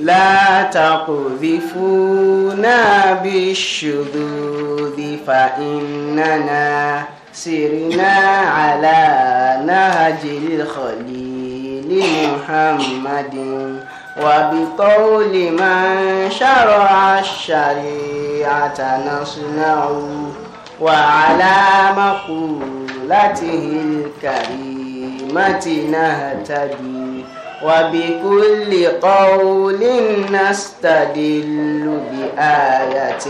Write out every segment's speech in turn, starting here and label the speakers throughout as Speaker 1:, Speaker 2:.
Speaker 1: لا تقذفونا بالشذوذ فإننا سرنا على نهج الخليل محمد وبقول من شرع الشريعة نصنع وعلى مقولته الكريمة نهتدي وبكل قول نستدل بآية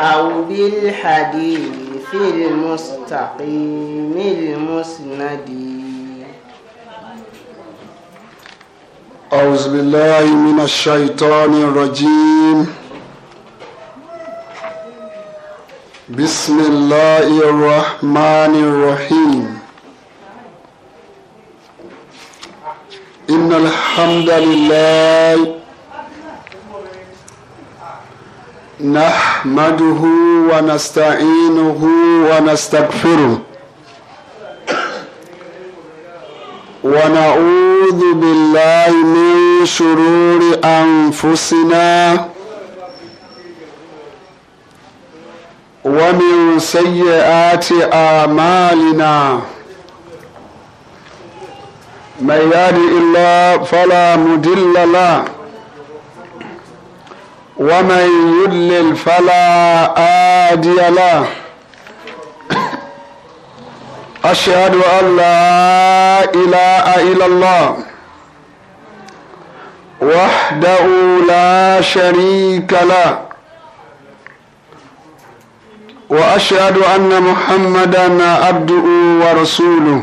Speaker 1: أو بالحديث المستقيم المسند
Speaker 2: أعوذ بالله من الشيطان الرجيم بسم الله الرحمن الرحيم إن الحمد لله نحمده ونستعينه ونستغفره ونعوذ بالله من شرور أنفسنا ومن سيئات أعمالنا من يهدي الله فلا مضل له ومن يضلل فلا هادي له أشهد أن لا إله إلا الله وحده لا شريك له وأشهد أن محمدا عبده ورسوله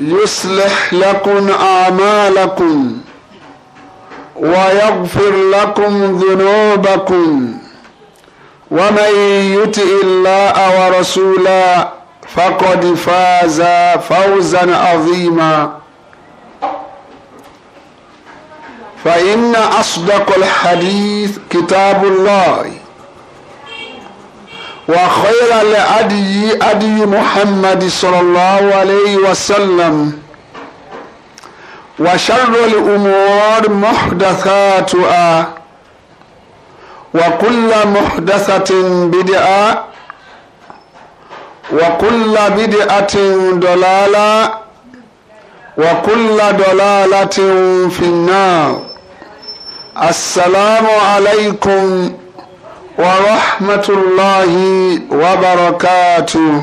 Speaker 2: يصلح لكم أعمالكم ويغفر لكم ذنوبكم ومن يطع الله ورسوله فقد فاز فوزا عظيما فإن أصدق الحديث كتاب الله وخير الأدي أدي محمد صلى الله عليه وسلم وشر الأمور محدثاتها وكل محدثة بدعة وكل بدعة ضلالة وكل ضلالة في النار السلام عليكم ورحمة الله وبركاته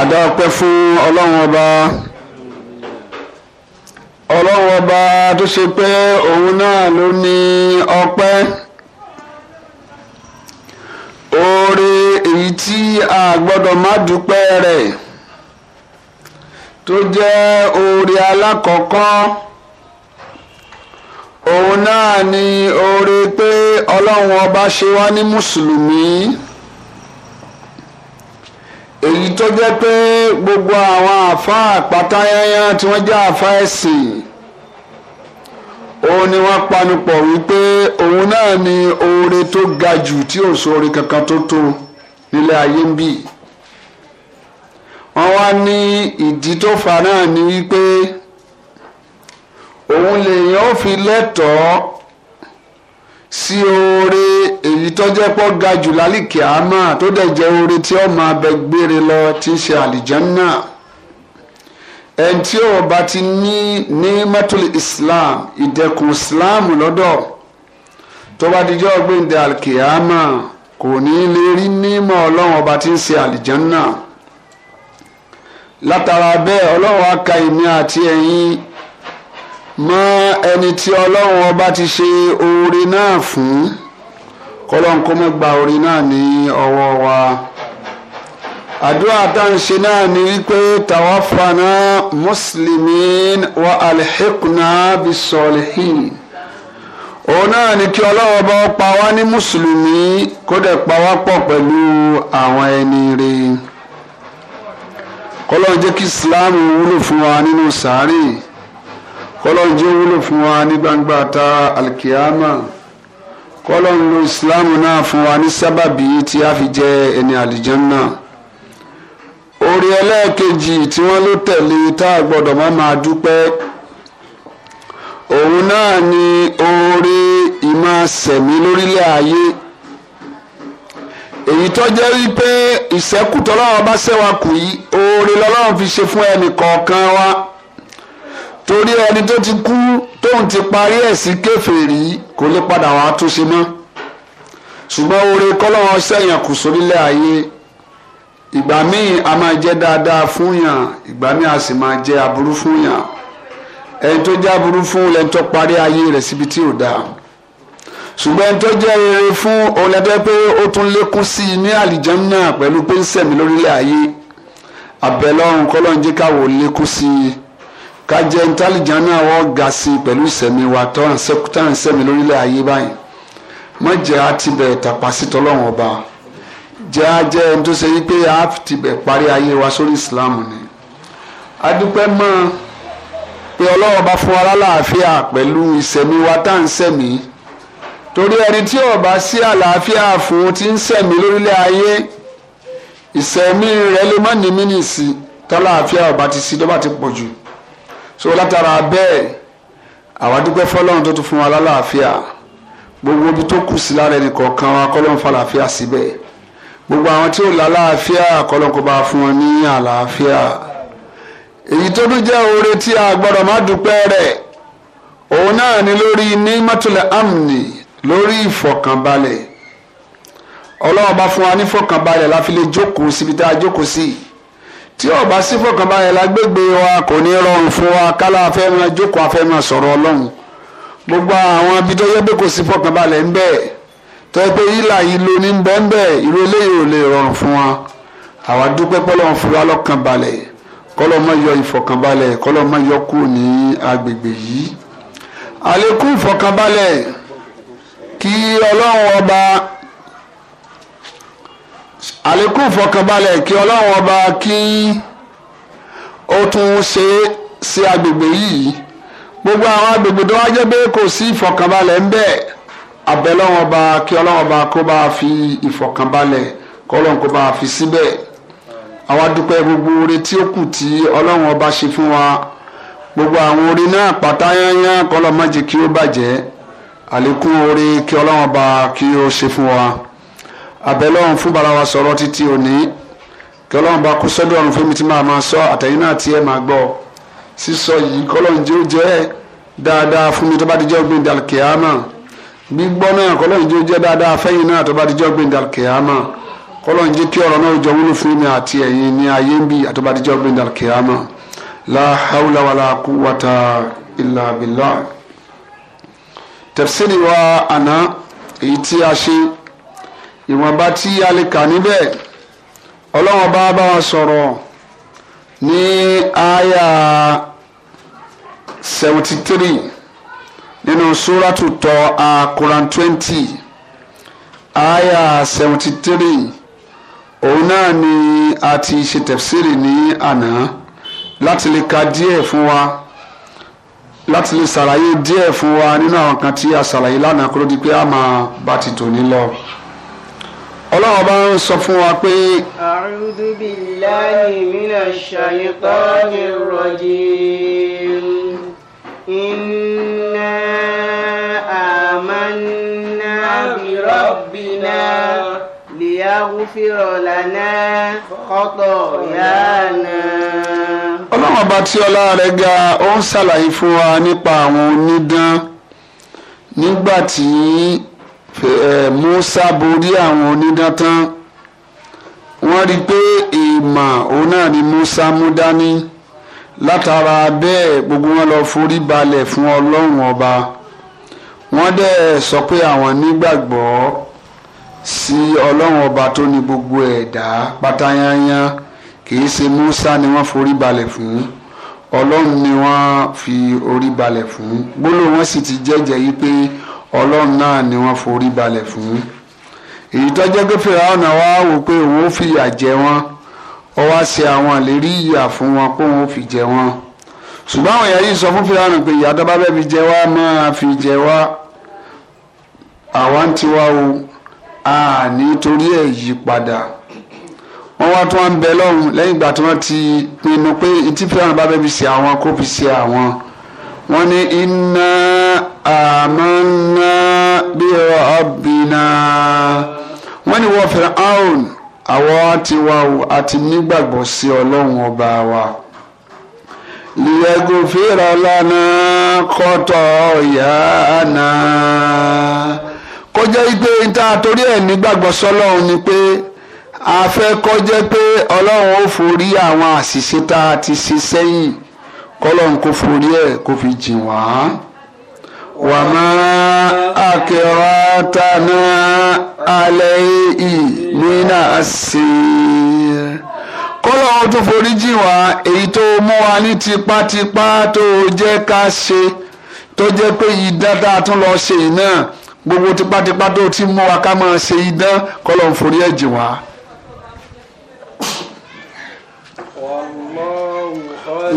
Speaker 2: àdáọpẹ́ fún ọlọ́run ọba ọlọ́run ọba tó ṣe pé òun náà ló ní ọpẹ́ oore èyí tí a gbọ́dọ̀ má dúpẹ́ rẹ̀ tó jẹ́ oore alákọ̀ọ́kọ́. òun náà ni oore pé ọlọ́run ọba ṣe wá ní mùsùlùmí èyí tó jẹ́ pé gbogbo àwọn àáfàá àpátáyáyá tí wọ́n jẹ́ àáfàá ẹ̀sìn òun ni wọ́n panupọ̀ wípé òun náà ni oore tó ga jù tí ò sóore kankan tó tó nílé ayé ń bì wọ́n wá ní ìdí tó fa náà ni wípé. òun lèèyàn fi lẹ́tọ̀ọ́ sí oore èyí tó jẹ́ pọ́ ga jù lálìkí àmà tó dẹ̀ jẹ́ oore tí ó máa bẹ gbére lọ tí ń ṣe àlìjánná ẹni tí ó bá ti ní ní mẹ́tòlì Islam ìdẹ̀kùn Islam lọ́dọ̀ tó bá dijọ́ gbẹ̀ǹdẹ̀ àlìkìyàmà kò ní lè rí nímọ̀ ọlọ́run ọba tí ń ṣe àlìjánná látara bẹ́ẹ̀ ọlọ́run á ka ìmí àti ẹ̀yìn mọ ẹni tí ọlọ́run ọba ti ṣe oore náà fún kọ́lọ́n kó mọ́ gba oore náà ní ọwọ́ wa àdúrà tá à ṣe náà ni wípé tàwáfànà muslimin wa alhiqna bisolihin òun náà ni kí ọlọ́run ọba pa wá ní mùsùlùmí kó dẹ̀ pa wá pọ̀ pẹ̀lú àwọn ẹni rẹ̀ kọ́lọ́n jẹ́ kí islam wúlò fún wa nínú sàárè. kọ́lọ́n jẹ́ wúlò fún wa ní gbangba ta alkiyama kọ́lọ́n lo islam náà fún wa ní sábàbí tí a fi jẹ ẹni àlìjánná orí ẹlẹ́ẹ̀kejì tí wọ́n ló tẹ̀lé tá a gbọ́dọ̀ má máa dúpẹ́ òun náà ni oore ìmáṣẹ̀mí lórílẹ̀ ayé èyí tó jẹ́ wípé ìṣẹ́kù tọ́lọ́wọ́ bá ṣẹ́wàkù yìí oore lọ́lọ́run fi ṣe fún ẹnì kọ̀ọ̀kan wa torí ẹni tó ti kú tóun ti parí ẹ̀ sí kèfèrí kò lè padà wá túnṣe mọ́ ṣùgbọ́n oore kọ́lọ́wọ́n sẹ́yìn kù sórílẹ̀ ayé ìgbà míì a máa jẹ́ dáadáa fún yàn ìgbà míì a sì máa jẹ́ aburú fún yàn ẹni tó jẹ́ aburú fún lẹni tó parí ayé rẹ̀ síbi tí ò dáa ṣùgbọ́n ẹni tó jẹ́ rere fún òun lẹ́tọ́ pé ó tún lékún sí i ní àlìjànnà pẹ̀lú pé ń sẹ̀mí lórílẹ̀ ayé àbẹ̀lọ́run kọ́lọ́run jẹ́ lékún sí i ká jẹ́ ntálíjà náà wọ́n ga sí i pẹ̀lú ìsẹ̀mí wa tó ń sẹ́mi lórílẹ̀ ayé báyìí má jẹ́ a ti bẹ̀ tàpá sí tọ́lọ́wọ́n ọba jẹ́ a jẹ́ ẹni tó ṣe yí pé a ti bẹ̀ parí ayé wa sórí ìsìláàmù ni adúpẹ́ mọ́ pé ọlọ́wọ́ bá fún wa láàfíà pẹ̀lú ìsẹ̀mí wa tá à ń sẹ̀mí torí ẹni tí ó sí àlàáfíà fún ti ń sẹ̀mí lórílẹ̀ ayé ìsẹ̀mí rẹ̀ lè má ní mínísì tọ́láàfíà ó bá ti sí tó ti pọ̀ jù so látara bẹ́ẹ̀ àwa dúpẹ́ fọlọ́run tó tún fún wa lálàáfíà gbogbo ibi tó kù sí lára ẹnì kọ̀ọ̀kan wa kọ́lọ́run fàlàáfíà síbẹ̀ gbogbo àwọn tí ò lálàáfíà kọ́lọ́run kó bá fún wọn ní àlàáfíà èyí tó tún jẹ́ oore tí a gbọ́dọ̀ má dúpẹ́ rẹ̀ òun náà ni lórí ní mọ́tòlẹ̀ amni lórí ìfọ̀kànbalẹ̀ ọlọ́run bá fún wa ní ìfọ̀kànbalẹ̀ la fi lè jókòó síbi tá a jókòó sí tí ó bá sí fọkànbalẹ̀ lágbègbè wa kò ní rọrùn fún wa kálá afẹ́ máa jókòó afẹ́ máa sọ̀rọ̀ ọlọ́run gbogbo àwọn ibi tó yẹ pé kò sí fọkànbalẹ̀ ń bẹ tó yẹ pé yílà yìí ló ní bẹ́ẹ̀ irú eléyìí ò lè rọrùn fún wa àwa dúpẹ́ pọ́lọ́run fún wa lọ́kàn balẹ̀ kọ́lọ́ má yọ ìfọkànbalẹ̀ kọ́lọ́ má yọ kúrò ní agbègbè yìí àlékún ìfọkànbalẹ̀ kí ọlọ́run ọba àlékún ìfọkànbalẹ̀ kí ọlọ́run ọba kí ó tún ṣe sí agbègbè yìí gbogbo àwọn agbègbè tó wá jẹ́ pé kò sí ìfọkànbalẹ̀ ń bẹ abẹ́lọ́run ọba kí ọlọ́run ọba kó bá fi ìfọkànbalẹ̀ kọ́lọ́run kó bá fi síbẹ̀ àwa dúpẹ́ gbogbo oore tí ó kù tí ọlọ́run ọba ṣe fún wa gbogbo àwọn oore náà pátá yányán kọ́lọ́ má jẹ́ kí ó bàjẹ́ àlékún oore kí ọlọ́run ọba kí ó ṣe fún wa abẹ́lọ́run fún bara wa sọ̀rọ̀ títí òní kí ọlọ́run bá kó sọ́dọ̀ ọ̀run fún mi tí máa máa sọ àtẹ̀yìn náà tí ẹ máa gbọ́ sísọ yìí kọ́lọ́run jẹ́ ó jẹ́ dáadáa fún mi tó bá ti jẹ́ ògbìn dàlkìámà gbígbọ́ náà kọ́lọ́run jẹ́ ó jẹ́ dáadáa fẹ́yìn náà tó bá ti jẹ́ ògbìn dàlkìámà kọ́lọ́run jẹ́ kí ọ̀rọ̀ náà jọ wúlò fún mi àti ẹ̀yin ní ayé ń bì àti bá ti jẹ́ ògbìn dàlkìámà la hawla wala quwwata illa billah tafsiri wa àná èyí tí a ṣe ìwọ̀nba tí a lè kà níbẹ̀ ọlọ́wọ́n bá bá wa sọ̀rọ̀ ní àyà seventy three nínú sóràtú tọ́ a Quran twenty àyà seventy three òun náà ni a ti ṣe tẹ̀fsírì ní àná láti lè ka díẹ̀ fún wa láti lè ṣàlàyé díẹ̀ fún wa nínú àwọn kan tí a ṣàlàyé lánàá kó di pé a máa bá ti tòní lọ ọlọ́run bá ń sọ fún wa pé.
Speaker 1: A'udhu billahi minash shaytanir rajim. Inna amanna bi rabbina liyaghfir lana khatoyana.
Speaker 2: ọlọ́run ọba tí ọlá rẹ̀ ga ó ń ṣàlàyé fún wa nípa àwọn onídán nígbà tí. Musa borí àwọn onídán tán wọ́n rí i pé ìmọ̀ òun náà ni Musa mú dání látara bẹ́ẹ̀ gbogbo wọn lọ forí balẹ̀ fún Ọlọ́run ọba wọ́n dẹ̀ sọ pé àwọn nígbàgbọ́ sí Ọlọ́run ọba tó ní gbogbo ẹ̀dá pátáyányá kìí ṣe Musa ni wọ́n forí balẹ̀ fún Ọlọ́run ni wọ́n fi orí balẹ̀ fún gbólóhùn wọn sì ti jẹ́jẹ́ yìí pé ọlọ́run náà ni wọ́n forí balẹ̀ fún èyí tó jẹ́ pé fìràwọ̀nà wá wò pé òun ó fìyà jẹ wọ́n ó wá ṣe àwọn àlérí ìyà fún wọn pé òun ó fi jẹ wọ́n ṣùgbọ́n àwọn èèyàn yìí sọ fún fìràwọ̀nà pé ìyà tó bá fẹ́ fi jẹ wá máa fi jẹ wá àwa ń tiwa o a nítorí ẹ̀ yí padà wọ́n wá tún wá ń bẹ lọ́hùn lẹ́yìn ìgbà tí wọ́n ti pinnu pé ìtí fìràwọ̀nà bá fẹ́ fi ṣe àwọn kó fi ṣe àwọn wọ́n ní iná àmọ́nà bí wọ́n ní wọ́n àwọn àti wa o àti nígbàgbọ́ sí ọlọ́run ọba wa. lìyẹ́gò fèrè lánà kọ́tọ̀ ọ̀yà kó jẹ́ níta torí ẹ̀ nígbàgbọ́ ni pé a fẹ́ pé ọlọ́run ti ṣe sẹ́yìn kọ́lọ́run forí fi jìn wá. وما àkìrọ̀tànà alẹ́ yìí nínà sí i. kọ́lọ̀ ó tún forí jì wá èyí tó mú wa ní tipátipá tó jẹ́ ká ṣe tó jẹ́ pé idán tá a tún lọ ṣe yìí náà gbogbo tipátipá tó ti mú wa ká máa ṣe idán kọ́lọ̀ ń forí ẹ̀ jì wá.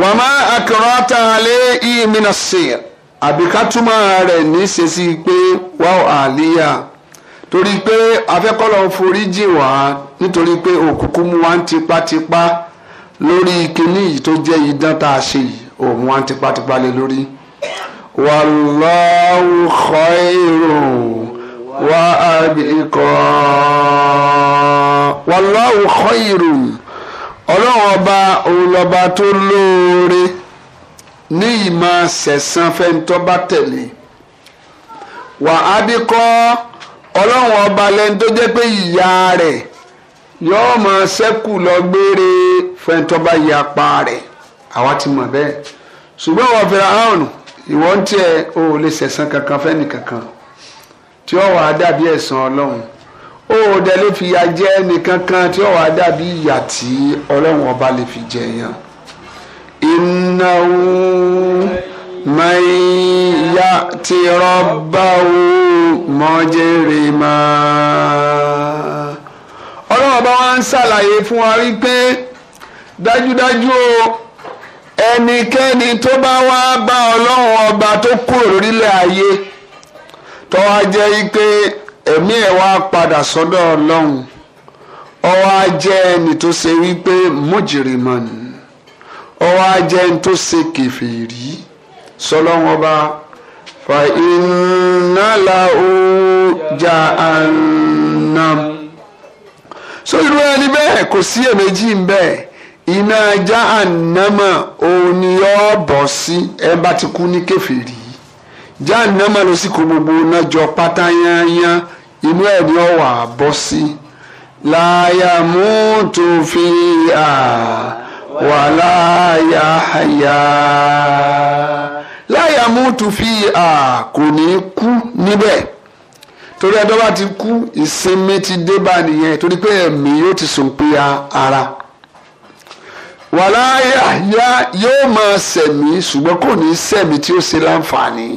Speaker 2: wàmà àkìrọ̀tànà alẹ́ yìí nínà sí àbí ká túmọ̀ rẹ̀ ní ṣèṣì pé wàá àlíyà torí pé afẹ́kọ́lọ́ forí jì wá nítorí pé òkùnkùn mú wa ń tipátipá lórí kinní yìí tó jẹ́ idán tá a ṣe yìí òun wa ń tipátipá lé lórí. wàláwù khairun wà á bì kọ́ wàláwù khairun ọlọ́run ọba òun lọ́ba tó lóore ní ìmọ̀ sẹ̀sán fẹ́ntọ́ bá tẹ̀lé wà á bí kọ́ ọlọ́run ọba lẹ́ni tó jẹ́ pé ìyá rẹ̀ yọ́ọ́ mọ sẹ́kù lọ gbére fẹ́ntọ́ bá ya pa rẹ̀ àwa ti mọ̀ bẹ́ẹ̀ ṣùgbọ́n wọ́n fẹ́ra hàn ìwọ ń tiẹ̀ o ò lè sẹ̀sán kankan fẹ́ni kankan tí ó wàá dàbí ẹ̀san ọlọ́run o ò dẹ̀ lè fìyà jẹ ẹnì kankan tí ó wàá dàbí ìyà tí ọlọ́run ọba lè fi jẹ yàn. إنه من يأت ربه مجرما ọlọ́run bá wá ń ṣàlàyé fún wa wípé dájúdájú o ẹnikẹ́ni tó bá wá bá ọlọ́run ọba tó kúrò lórílẹ̀ ayé tó wá jẹ́ wípé ẹ̀mí ẹ̀ wá padà sọ́dọ̀ ọlọ́run ó wá jẹ́ ẹni tó ṣe wípé mujriman ni ọwọ́ ajẹ́ ń tó ṣe kèfèrí sọlọ́wọ́n ọba fa iná la ó àná. so irú ẹni bẹ́ẹ̀ kò sí èméjì ń bẹ́ẹ̀ iná ajá ànámà òun ni yóò bọ̀ sí ẹ bá ti kú ní kèfèrí já ànámà ló sì kó gbogbo náà jọ pátá yányán inú ẹ̀ ni ó wà bọ́ sí láyà mú tó fi hà wàlá yàhàyà láyàmútu fi à kò ní kú níbẹ̀ torí ẹjọ́ bá ti kú ìsinmi ti dé bá nìyẹn torí pé ẹ̀mí yóò ti sùn pé ara wàlá yàhàyà yóò máa sẹ̀mí ṣùgbọ́n kò ní sẹ̀mí tí ó ṣe láǹfààní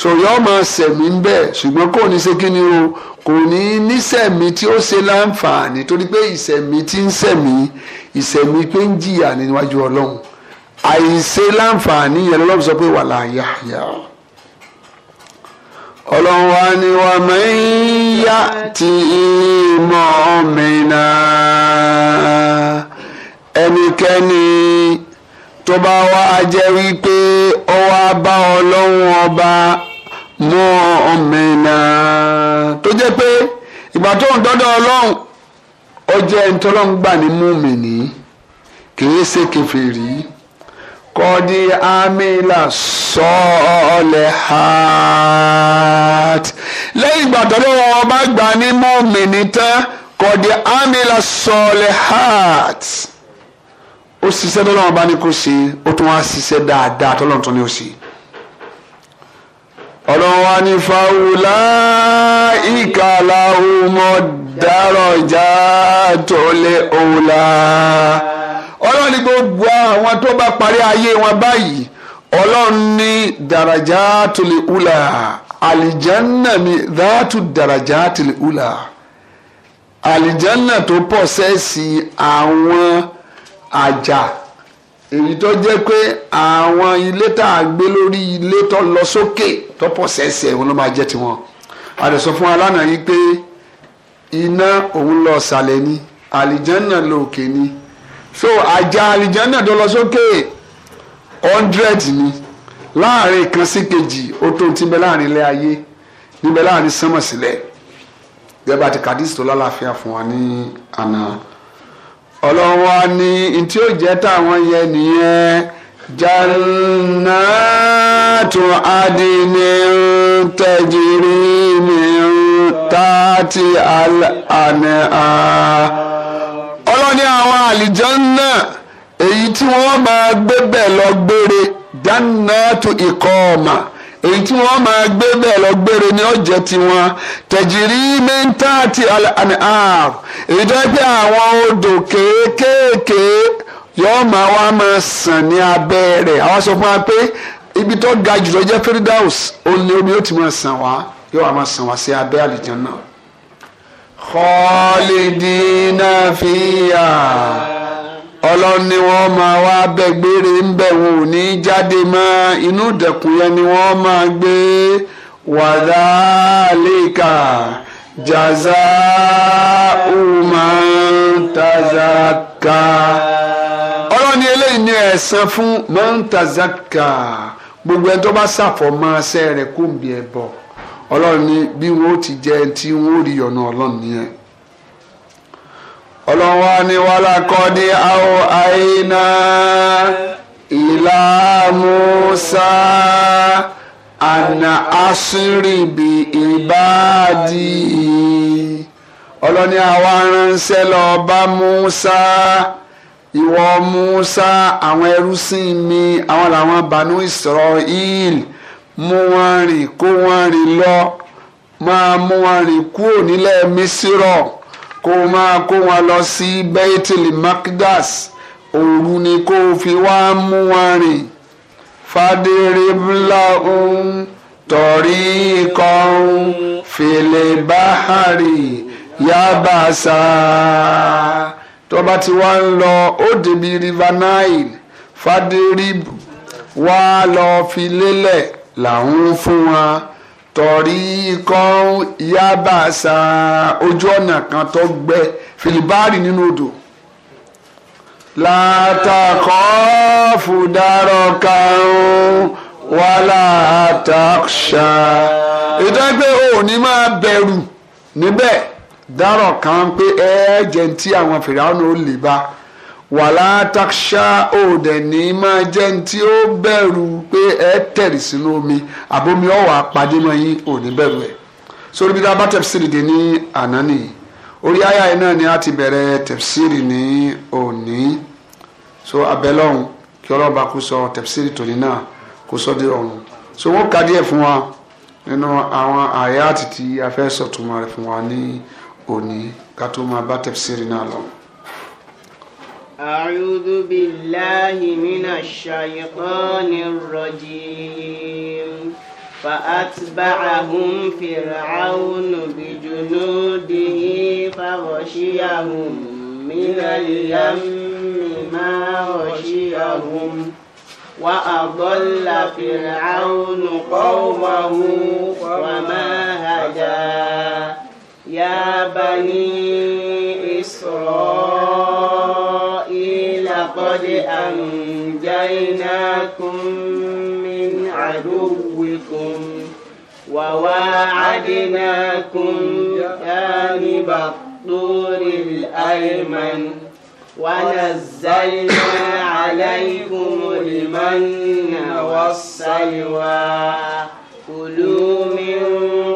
Speaker 2: so yóò máa sẹ̀mí ń bẹ̀ ṣùgbọ́n kò ní ṣe kí ni o kò ní nísẹ̀mí tí ó ṣe láǹfààní torí pé ìsẹ̀mí tí ń sẹ̀mí ìsẹ̀mí pé ń jìyà níwájú ọlọ́run àìṣe láǹfààní yẹn lọ́lọ́run sọ pé wà láàyà yà ọlọ́run wa ni wà mẹ́yà tí mọ́ mẹ́nà ẹnikẹ́ni tó bá wá jẹ́ wípé ó wá bá ọlọ́run ọba mọ́ mẹ́nà tó jẹ́ pé ìgbà tó ń dọ́dọ̀ ọlọ́run ọjẹ́ ntọ́lọ́ngbà ní múmìnì kìí ṣe kẹfìrí kọ́dí amílà sọ́ọ̀lẹ̀ hàt lẹ́yìn ìgbà tọ́lọ́ wọn bá gbà ní múmìnì tán kọ́dí amílà sọ́ọ̀lẹ̀ hàt ó ṣiṣẹ́ tọ́lọ́ wọn bá ní kó ṣe ó tún wá ṣiṣẹ́ dáadáa tọ́lọ́ tún ó ṣe ọlọ́run wa ní fáwùlà ìkàlà ọmọ dárọ̀jà tó lé òòlà ọlọ́run ní gbogbo àwọn tó bá parí ayé wọn báyìí ọlọ́run ní dàràjà tó lè hùlà àlìjánà mi dàtú dàràjà tó lè hùlà àlìjánà tó pọ̀ sẹ́ẹ̀sì àwọn àjà èyí tó jẹ́ pé àwọn ilé tá a gbé lórí ilé tó lọ sókè tó pọ̀ sẹ́sẹ̀ òun ló máa jẹ́ tiwọn a lè sọ fún alánà yìí pé iná òun lọ sàlẹ̀ ni àlìjánà lòkè ni so àjà àlìjánà tó lọ sókè hundred ni láàrin kan sí kejì ó tó ti bẹ láàrin ilé ayé níbẹ̀ láàrin sánmọ̀ gẹ́gẹ́ bá ti kàdísì tó lálàáfíà fún wa ní àná ọlọ́run wa ní ntí ó jẹ́ táwọn yẹn nìyẹn jannatu adinin tajiri min tati al-anha ọlọ́ni àwọn àlìjánná èyí tí wọ́n máa gbé bẹ̀ lọ gbére jannatu iqama èyí tí wọ́n máa gbé bẹ̀ lọ gbére ni ó jẹ́ tiwọn tajiri min tati al-anha. èyí tó àwọn odò yọọ máa wá máa sàn ní abẹ́ rẹ̀ àwọn sọ fún wa ibi tó ga jùlọ jẹ́ Firdaus ni omi yóò ti máa sàn wá yóò wá máa sàn wá sí abẹ́ àlìjánnà. khalidina fiya ọlọ́run ni wọ́n máa wá bẹ́ gbére ń bẹ̀ wò ní jáde mọ́ inú ni wọ́n máa gbé wàdálẹ́kà. jazaa man tazaka ọlọ́ni eléyìí ní ẹ̀san fún gbogbo ẹni tó bá ṣàfọ̀mọ́ ẹsẹ̀ rẹ̀ kó ń bí ẹ bọ̀ ọlọ́run bí wọ́n ti jẹ tí wọ́n rí ọ̀nà ni kọ́ ìlà Musa. àna asiribi ìbáàdì ọlọ́ni àwa ránṣẹ́ lọ bá Musa ìwọ Musa àwọn ẹrúsìn mi àwọn làwọn Banu Israel mú wọn rìn kó wọn rìn lọ máa mú wọn rìn kúrò nílẹ̀ Mísírọ̀ kó máa kó wọn lọ sí Baitul Maqdas òru ni kó fi wá mú wọn rìn. فاضرب طريقا في البحر bahari yabasa. bá ti wá ń lọ ó débi river nile fadirib wá lọ fi lélẹ̀ làwọn fún wa torí kan yabasa ojú ọ̀nà kan tó gbẹ filibari nínú odò. No látàkọ́ọ̀fù dárọ̀ karùn-ún wà látàkṣà. ètò ẹgbẹ́ òní máa bẹ̀rù níbẹ̀ dárọ̀ kan pé ẹ̀ẹ́jẹ̀ tí àwọn fìràwọ̀n ò lè bá wà látàkṣà òdẹ ní máa jẹ́ tí ó bẹ̀rù pé ẹ tẹ̀rì sínú omi àbomi ọ̀wà pàdé mọ́ yín òní bẹ̀rù ẹ̀ sórí bí dábàtẹ̀ sídìdì ní àná nìyí orí àyà yìí náà ni a ti bẹ̀rẹ̀ tẹ̀fsírì ní òní so abẹ́lọ́hún kí ọlọ́ba kó sọ tẹ̀fsírì tòní náà kó sọ dé ọ̀run so wọ́n ka díẹ̀ fún wa nínú àwọn àyà àtìtì afẹ́ sọ̀túnmọ̀ rẹ̀ fún wa ní òní ká tó máa bá tẹ̀fsírì náà lọ.
Speaker 1: أعوذ بالله من الشيطان الرجيم فأتبعهم فرعون بجنوده فغشيهم من اليم ما غشيهم وأضل فرعون قومه وما هدى يا بني إسرائيل قد أنجيناكم من عدو منكم وواعدناكم جانب الطور الأيمن ونزلنا عليكم المن والسلوى كلوا من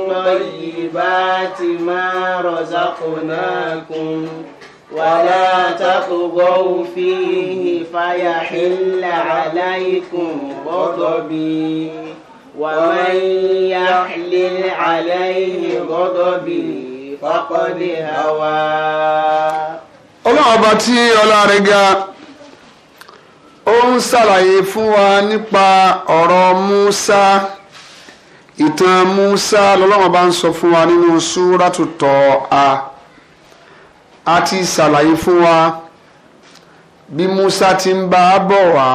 Speaker 1: طيبات ما رزقناكم ولا تطغوا فيه فيحل عليكم غضبي ومن يحلل عليه غضبي faqad hawa.
Speaker 2: ọlọ́run ọba tí ọlá rẹ̀ ga ó ń ṣàlàyé fún wa nípa ọ̀rọ̀ Musa ìtàn Musa lọ́lọ́run ọba ń sọ fún wa nínú súrátù Tọ́ha a ti ṣàlàyé fún wa bí Musa ti ń bá a bọ̀ wá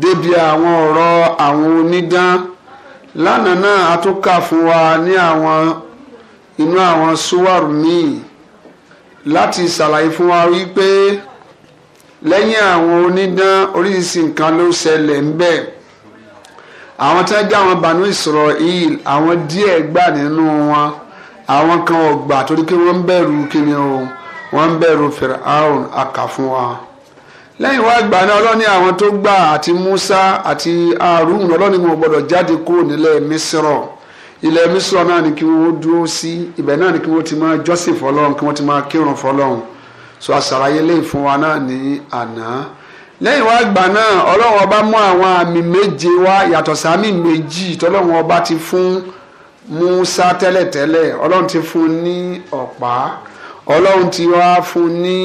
Speaker 2: débi àwọn ọ̀rọ̀ àwọn onídán lánàá náà a tún kà fún wa ní àwọn inú àwọn súwárù míì láti ṣàlàyé fún wa wípé lẹ́yìn àwọn onídán oríṣiríṣi nǹkan ló ṣẹlẹ̀ ń bẹ̀ àwọn tí wọ́n jẹ́ àwọn bànú Israel àwọn díẹ̀ gbà nínú wọn àwọn kan ò torí pé wọ́n ń bẹ̀rù kíni o wọ́n ń bẹ̀rù Firaun àkà fún wa lẹ́yìn wá gbà náà ọlọ́ni àwọn tó gbà àti Musa àti Arun ọlọ́ni wọn gbọ́dọ̀ jáde kúrò nílẹ̀ Mísírọ̀ ilẹ̀ Mísírọ̀ náà ni kí wọ́n dúró sí ibẹ̀ náà ni kí wọ́n ti máa jọ́sìn fọlọ́run kí wọ́n ti máa kírun fọlọ́run so àṣàràyé lè fún wa náà ní àná lẹ́yìn wá gbà náà ọlọ́run ọba mú àwọn àmì méje wá yàtọ̀ sáàmì méjì tọ́lọ́run ọba ti fún Musa tẹ́lẹ̀tẹ́lẹ̀ ọlọ́run ti fún ní ọ̀pá ọlọ́run ti wá fún ní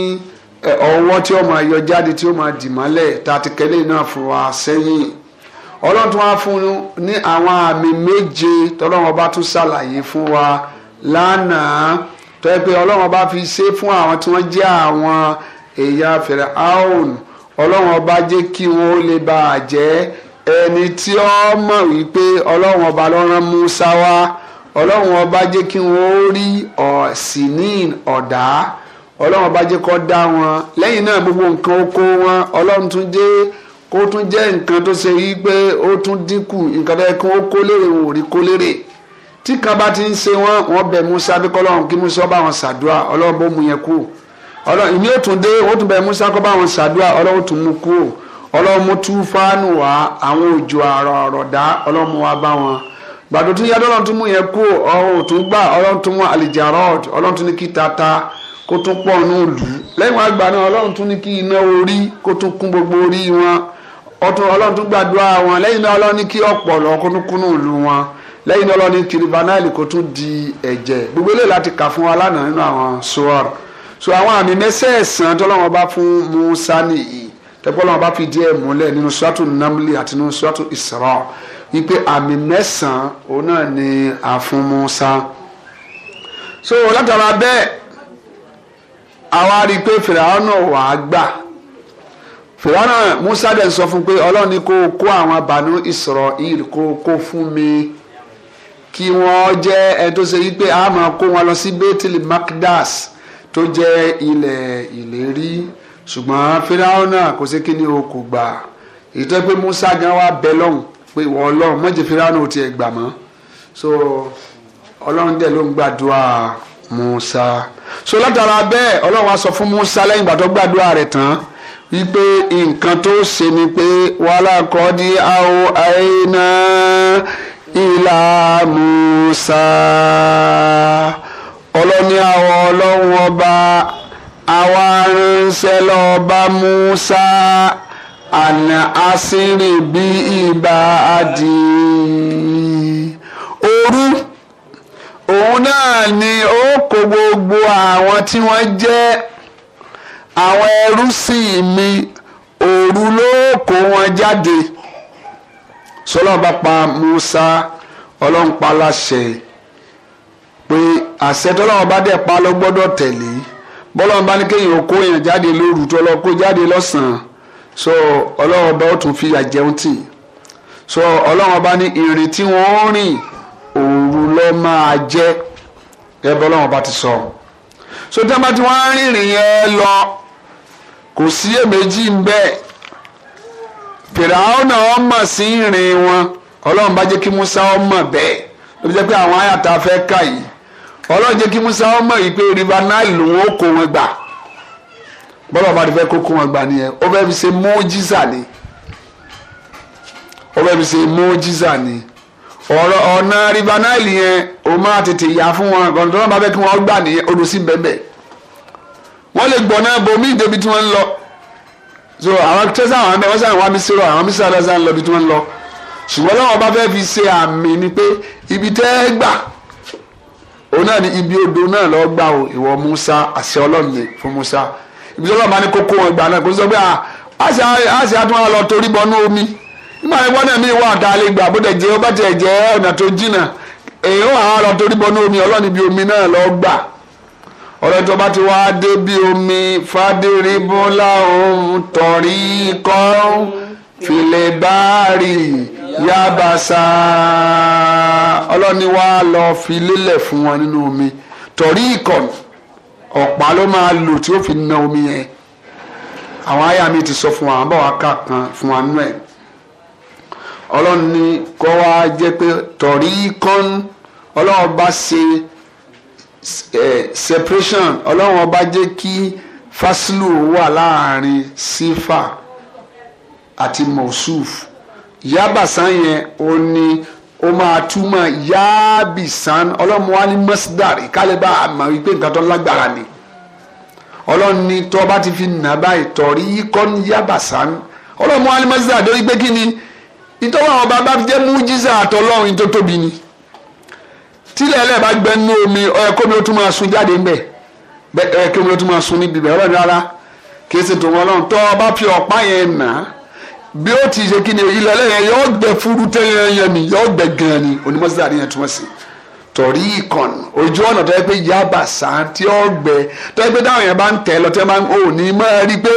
Speaker 2: ọwọ́ tí ó máa yọ jáde tí ó máa dì mọ́lẹ̀ tàtìkẹ́lẹ́ náà fún wa sẹ́yìn ọlọ́run tún wá fún ní àwọn àmì méje tọ́lọ́run ọba tún ṣàlàyé fún wa lánàá tọ́ ẹ pé ọlọ́run ọba fi ṣe fún àwọn tí wọ́n jẹ́ àwọn ẹ̀yà fẹ̀rẹ̀ aon ọlọ́run ọba jẹ́ kí wọ́n lè bá jẹ́ ẹni tí ó mọ̀ wípé ọlọ́run ọba lọ́rán Musa wá ọlọ́run ọba jẹ́ kí wọ́n rí ọ̀sìnìn ọ̀dá ọlọ́run bá jẹ́ kó dá wọn lẹ́yìn náà gbogbo nǹkan oko wọn ọlọ́run tún jẹ́ kó tún jẹ́ nǹkan tó ṣe yí pé ó tún dínkù nǹkan tó yẹ kí wọ́n kó lérè wọn rí kó lérè tí kan bá ti ń ṣe wọn wọn bẹ̀ Musa bí kọ́lọ́run kí Musa bá wọn ṣàdúrà ọlọ́run bó mu yẹn kú ọlọ́run ìmí òtún dé wọ́n tún bẹ̀ Musa kó bá wọn ṣàdúrà ọlọ́run tún mú kú ọlọ́run mú tú fánù wá àwọn òjò àrọ̀ àrọ̀dá ọlọ́run mú wá bá wọn gbàdúrà tún yá ọlọ́run tún mú yẹn kú ọ̀hún tún gbà ọlọ́run tún mú àlìjàrọ̀ ọlọ́run tún ní kí tata kó tún pọ̀ ní òlù lẹ́yìn àgbà náà ọlọ́run tún ní kí iná orí kó tún kún gbogbo orí wọn ọtún ọlọ́run tún gbàdúrà wọn lẹ́yìn náà ọlọ́run ní kí ọ̀pọ̀lọ́ kó tún kún ní wọn lẹ́yìn náà ọlọ́run ní kí libanali kó tún di ẹ̀jẹ̀ gbogbo eléyìí láti kà fún wa lánàá nínú àwọn suwar so àwọn àmì mẹ́sẹ̀ẹ̀sán tọ́lọ́wọ́n bá fún Musa nìyí tẹ́pọ́lọ́wọ́n bá fi díẹ̀ múlẹ̀ nínú suratu Namli àti nínú suratu Isra wípé àmì mẹ́sàn-án òun náà ni àfún Musa so látara bẹ́ẹ̀ Awari rí i pé fìràwọ́nà wà Musa dẹ̀ sọ fún pé ọlọ́run ni kó o kó àwọn Banu Israel kó o kó fún mi kí wọ́n jẹ́ ẹni tó ṣe wípé a máa kó wọn lọ sí Bethel Makdas tó jẹ́ ilẹ̀ ìlérí ṣùgbọ́n fìràwọ́nà kò sí kí ni o kò gbà ìtọ́ pé Musa gan wa bẹ lọ́hùn pé ìwọ ọlọ́run mọ̀jẹ̀ fìràwọ́nà ò tiẹ̀ gbà mọ́ so ọlọ́run dẹ̀ ló ń gbàdúrà. Musa so látara bẹ́ẹ̀ Ọlọ́run wa sọ fún Musa lẹ́yìn ìgbà tó gbàdúrà rẹ̀ tán wípé nǹkan tó ṣe ni pé wàhálà kọ́ ní àwọn àìná ìlà Musa ọlọ́ni àwọn ọlọ́run ọba àwa aránṣẹ́ lọ́ọ́ba Musa àná asínrìn bí ìbá adìyẹ òru òun náà ni ó kó gbogbo àwọn tí wọ́n jẹ́ àwọn ẹrú sí mi òru ló kó wọn jáde sọlọ́n Musa ọlọ́run pa láṣẹ pé àṣẹ tọ́lọ́run bá dẹ̀ pa ló gbọ́dọ̀ tẹ̀lé bọ́lọ́run bá ní kéèyàn kó èèyàn jáde lóru tó lọ kó jáde lọ́sàn-án so ọlọ́run bá ó tún fìyà jẹun tì so ọlọ́run bá ní ìrìn tí wọ́n ń rìn lọ máa jẹ́ ẹbí ọlọ́run bá ti sọ so tí wọ́n bá ti wọ́n rìnrìn yẹn lọ kò sí èméjì ń bẹ fìràwọ́n náà wọ́n mọ̀ sí ìrìn wọn ọlọ́run bá jẹ́ kí Musa ó mọ̀ bẹ́ẹ̀ ló fi jẹ́ pé àwọn àyàtà fẹ́ kà yìí ọlọ́run jẹ́ kí Musa ó mọ̀ yìí pé river Nile lòun ó kó wọn gbà bọ́lá ọba ti fẹ́ kó kó wọn gbà nìyẹn ó fẹ́ fi ṣe mú jísà ni ó fẹ́ fi ṣe mú jísà ni ọ̀rọ̀ ọ̀nà rìbá náìlì yẹn o máa tètè yá fún wọn ọ̀nà tó náà bá fẹ́ kí wọ́n gbà nìyẹn odò sí bẹ́ẹ̀ wọ́n lè gbọ̀ náà bo míì débi tí wọ́n ń lọ so àwọn tẹ́sán àwọn abẹ́ wọ́n sàn wá mi sírò àwọn mísírà lọ́sàn ń lọ ibi tí wọ́n ń lọ ṣùgbọ́n lọ́wọ́ bá fẹ́ fi ṣe àmì ni pé ibi tẹ́ ẹ gbà òun náà ni ibi odò náà lọ gbà o ìwọ Musa àṣẹ Ọlọ́run ni fún Musa ibi tí Ọlọ́run bá ní kókó wọn gbà náà kó sọ pé àṣà àṣà lọ torí bọnú omi nígbà tí wọ́n náà mi wà dalẹ̀ gbà bó tẹ̀ jẹ́ ó bá tẹ̀ jẹ́ ọ̀nà tó jìnnà èyí ó hàn án lọ torí bọ́nú omi ọlọ́ni bí omi náà lọ gbà ọ̀rẹ́ tó bá ti wá dé bí omi fàdérébọ́lá òun tọ̀rí kọ́ filẹ̀ báàrì yabasa ọlọ́ni wá lọ fi lélẹ̀ fún wọn nínú omi tọ̀rí ìkọ̀nù ọ̀pá ló máa lò tí ó fi na omi yẹn àwọn àyà mi ti sọ fún wa àbọ̀ wa kà kan fún wa nú ẹ̀ ọlọ́run ní kọ́ wá jẹ́ pé tọ̀rí kán ọlọ́run bá ṣe separation ọlọ́run ọba jẹ́ kí fásilù wà láàrin sífà àti mosuf yabasan yẹn ó ní ó máa túmọ̀ yabisan ọlọ́run wa ní masdar ìkálẹ̀bá àmọ́ wípé nǹkan tó lágbára ni ọlọ́run ní tó bá ti fi nà báyìí tọ̀rí kán yabasan ọlọ́run wa ní masdar lórí pé kí ni ìtọ́wọ́ àwọn bàbá jẹ́ mújísà àtọ́lọ́run tó tóbi ni tílẹ̀ ẹlẹ́ bá gbẹ nínú omi ọ̀yẹ́ kómi ó tún máa sun jáde ńbẹ̀ ọ̀yẹ́ kómi ó tún máa sun níbi bẹ̀ ọlọ́run rárá kìí ṣe tòun ọlọ́run tọ́ ọ bá fi ọ̀pá yẹn nà á bí ó ti ṣe kí ni ilẹ̀ ẹlẹ́yẹn yọ gbẹ fúru tẹ́yẹn ni yọ gbẹ gan ni onímọ̀síṣẹ́ àríyàn túmọ̀ sí torí ìkànnì ojú ọ̀nà tó yẹ pé yaba tí ó tó yẹ pé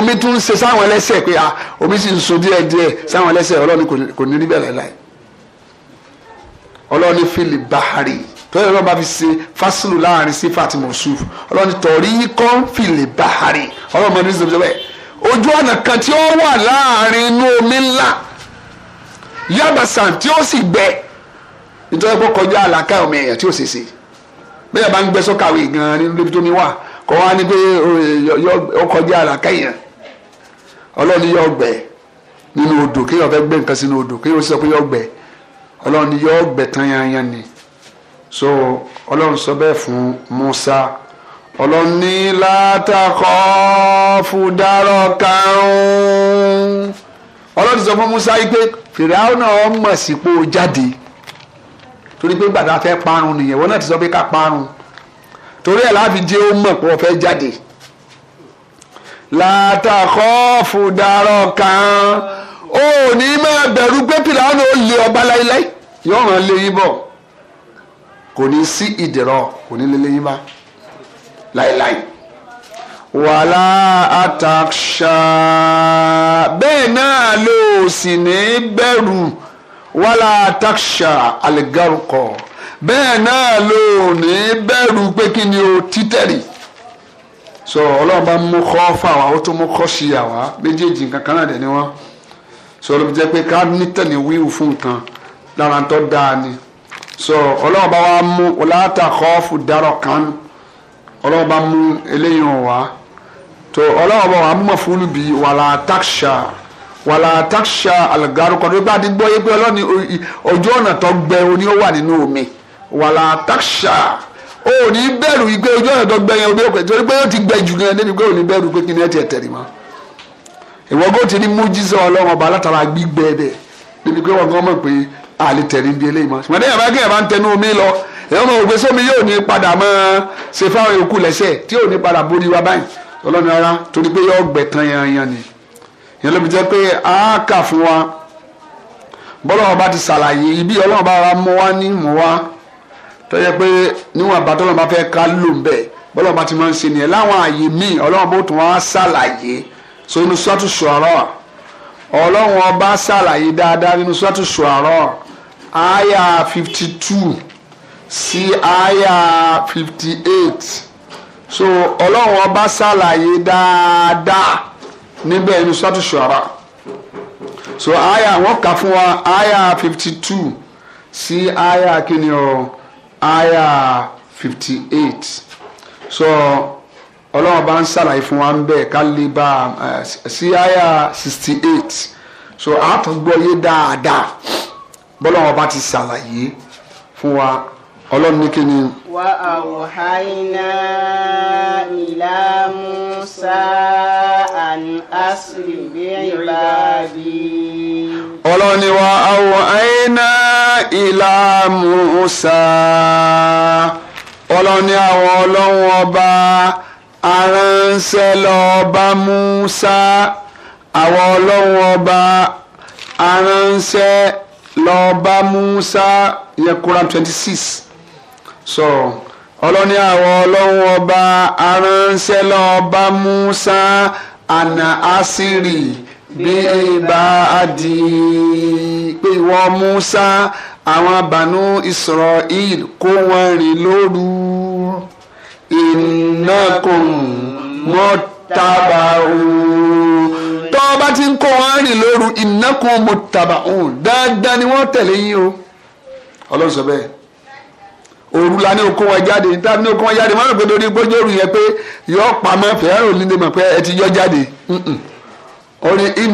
Speaker 2: omi tún ń ṣe sáwọn ẹlẹ́sẹ̀ pé ah omi sì ń so díẹ̀ díẹ̀ sáwọn ẹlẹ́sẹ̀ ọlọ́ni kò ní rí bẹ́ẹ̀ láì ọlọ́ni fìlì bahari tọ́jú ọlọ́ba fi ṣe fásilù láàrin sífà àti mọ̀ṣúf ọlọ́ni tọ̀rí kọ́ fìlì bahari ọlọ́mọ ní sọ̀rọ̀ bẹ́ẹ̀ ojú ọ̀nà kan tí ó wà láàrin inú omi ńlá yabasan tí ó sì gbẹ nítorí pé kọjá àlàkà ọmọ èèyàn tí ó ṣèṣe bẹ́ẹ̀ bá ń gbẹ sọ́kàwé gan-an níbi tó mi wà kọ́ wá ní pé ó oh, kọjá àlàkà èèyàn ọlọ́run ni yóò gbẹ nínú odò kéèyàn fẹ́ gbé nǹkan sínú odò kéèyàn sì sọ pé yóò gbẹ ọlọ́run ni yóò gbẹ tán yanyan ni so ọlọ́run sọ bẹ́ẹ̀ fún Musa ọlọ́run ní látàkọ́ fúdárọ̀ karùn-ún ọlọ́run sọ fún Musa yìí pé fìràwọ́ náà mọ̀ sípò jáde torí pé gbàdá fẹ́ parun nìyẹn wọn náà ti sọ pé ká parun torí ẹ̀ láti jẹ́ ó mọ̀ pé wọ́n fẹ́ jáde látàkọ́ọ̀fù dàrọ̀ kan ó ní máa bẹ̀rù pé pìlánù ó lé ọba láíláí yóò ràn léyìn bọ̀ kò ní sí ìdẹ̀rọ̀ kò ní lé léyìn bá láíláí wàhálà àtàkṣà bẹ́ẹ̀ náà ló sì ní bẹ̀rù wàhálà àtàkṣà àlẹ́gàrúkọ bẹ́ẹ̀ náà ló ní bẹ̀rù pé kí ni o títẹ̀rì so ọlọ́run bá mú kọ́ fáwa ó tún mú kọ́ sí àwa méjèèjì nǹkan kan náà dẹ̀ ni wọ́n so ló fi jẹ́ pé ká nítẹ̀lé wíwù fún nǹkan lára tó dáa ni so ọlọ́run bá wa mú ọláàtà kọ́ọ̀fù dárọ̀ kan ọlọ́run bá mú eléyìí hàn wá so ọlọ́run bá wa mú mọ̀fúlù bíi wàlá táksà wàlá táksà àlùgárùkọ tó bá ti gbọ́ yé pé ọlọ́run ojú ọ̀nà tó gbẹ oní ó wà nínú omi wàlá táksà o ò ní bẹ̀rù ìgbé ojú ọ̀nà tó gbẹ̀yìn omi òkè torí pé yóò ti gbẹ jù ní ẹni pé ò ní bẹ̀rù pé kí ni ẹ ti tẹ̀lé mọ́ ìwọ́gó ti ní mújísọ ọlọ́run ọba látara gbígbẹ́ bẹ́ẹ̀ níbi pé wọ́n gan mọ̀ pé àlè tẹ̀lé bí eléyìí mọ́ ṣùgbọ́n ẹ̀yà bá gé ẹ̀bá ń tẹnu omi lọ ẹ̀yà ọmọ ògbé sómi yóò ní padà mọ́ ṣe fáwọn yòókù lẹ́sẹ̀ tí yóò ní padà borí wa báyìí ọlọ́run ara torí pé yóò gbẹ̀ tán yanyan ni ìyẹn ló fi jẹ́ pé a kà fún wa bọ́lọ́run ọba ti ṣàlàyé ibi ọlọ́run ọba wa mú wa ní tọ́jà pé níwọ̀n bá tọ́lọ́mọ fẹ́ ká lò ń bẹ̀ bọ́lọ́mọ ti máa ń ṣe nìyẹn láwọn àyè míì ọlọ́run bó tún wá ṣàlàyé so inú sọ́tù ṣọ̀rọ̀ ọlọ́run ọba ṣàlàyé dáadáa nínú sọ́tù ṣọ̀rọ̀ àyà fifty two sí àyà fifty eight so ọlọ́run ọba ṣàlàyé dáadáa níbẹ̀ inú sọ́tù ṣọ̀rọ̀ so àyà wọ́n kà fún wa àyà fifty two sí àyà kíni aya fifty eight so ọlọ́run bá ń ṣàlàyé fún wa ń bẹ̀ ká lè bá eh, sí aya sixty eight so àtúgbọ́ yé dáadáa bọ́lọ́run bá ti ṣàlàyé fún wa ọlọ́run ní kíni.
Speaker 1: wa awhayna ila Musa an asri bi ibadi.
Speaker 2: ọlọ́run ni wa awhayna ila Musa ọlọ́run ni àwọn ọlọ́run ọba aránṣẹ́ lọ bá Musa àwọn ọlọ́run ọba aránṣẹ́ lọ Musa yẹ Quran twenty six so ọlọ́ni àwọn ọlọ́run ọba aránṣẹ́ lọ́ọ́ba Musa àna asiri bíi bá a di pé ìwọ Musa àwọn bànú Israel kó wọn rìn lóru ìnákùn mọ́tàbàrún tọ́ bá ti ń kó wọn rìn lóru ìnákùn mọ́tàbàrún dáadáa ni wọ́n tẹ̀lé yín o ọlọ́run sọ bẹ́ẹ̀ òru la ní okó wọn jáde níta ní okó wọn jáde wọn rò pé torí gbójóòrù yẹn pé yọ pamọ́ fẹ́ràn onílé mọ̀ pé ẹ ti yọ jáde ó ní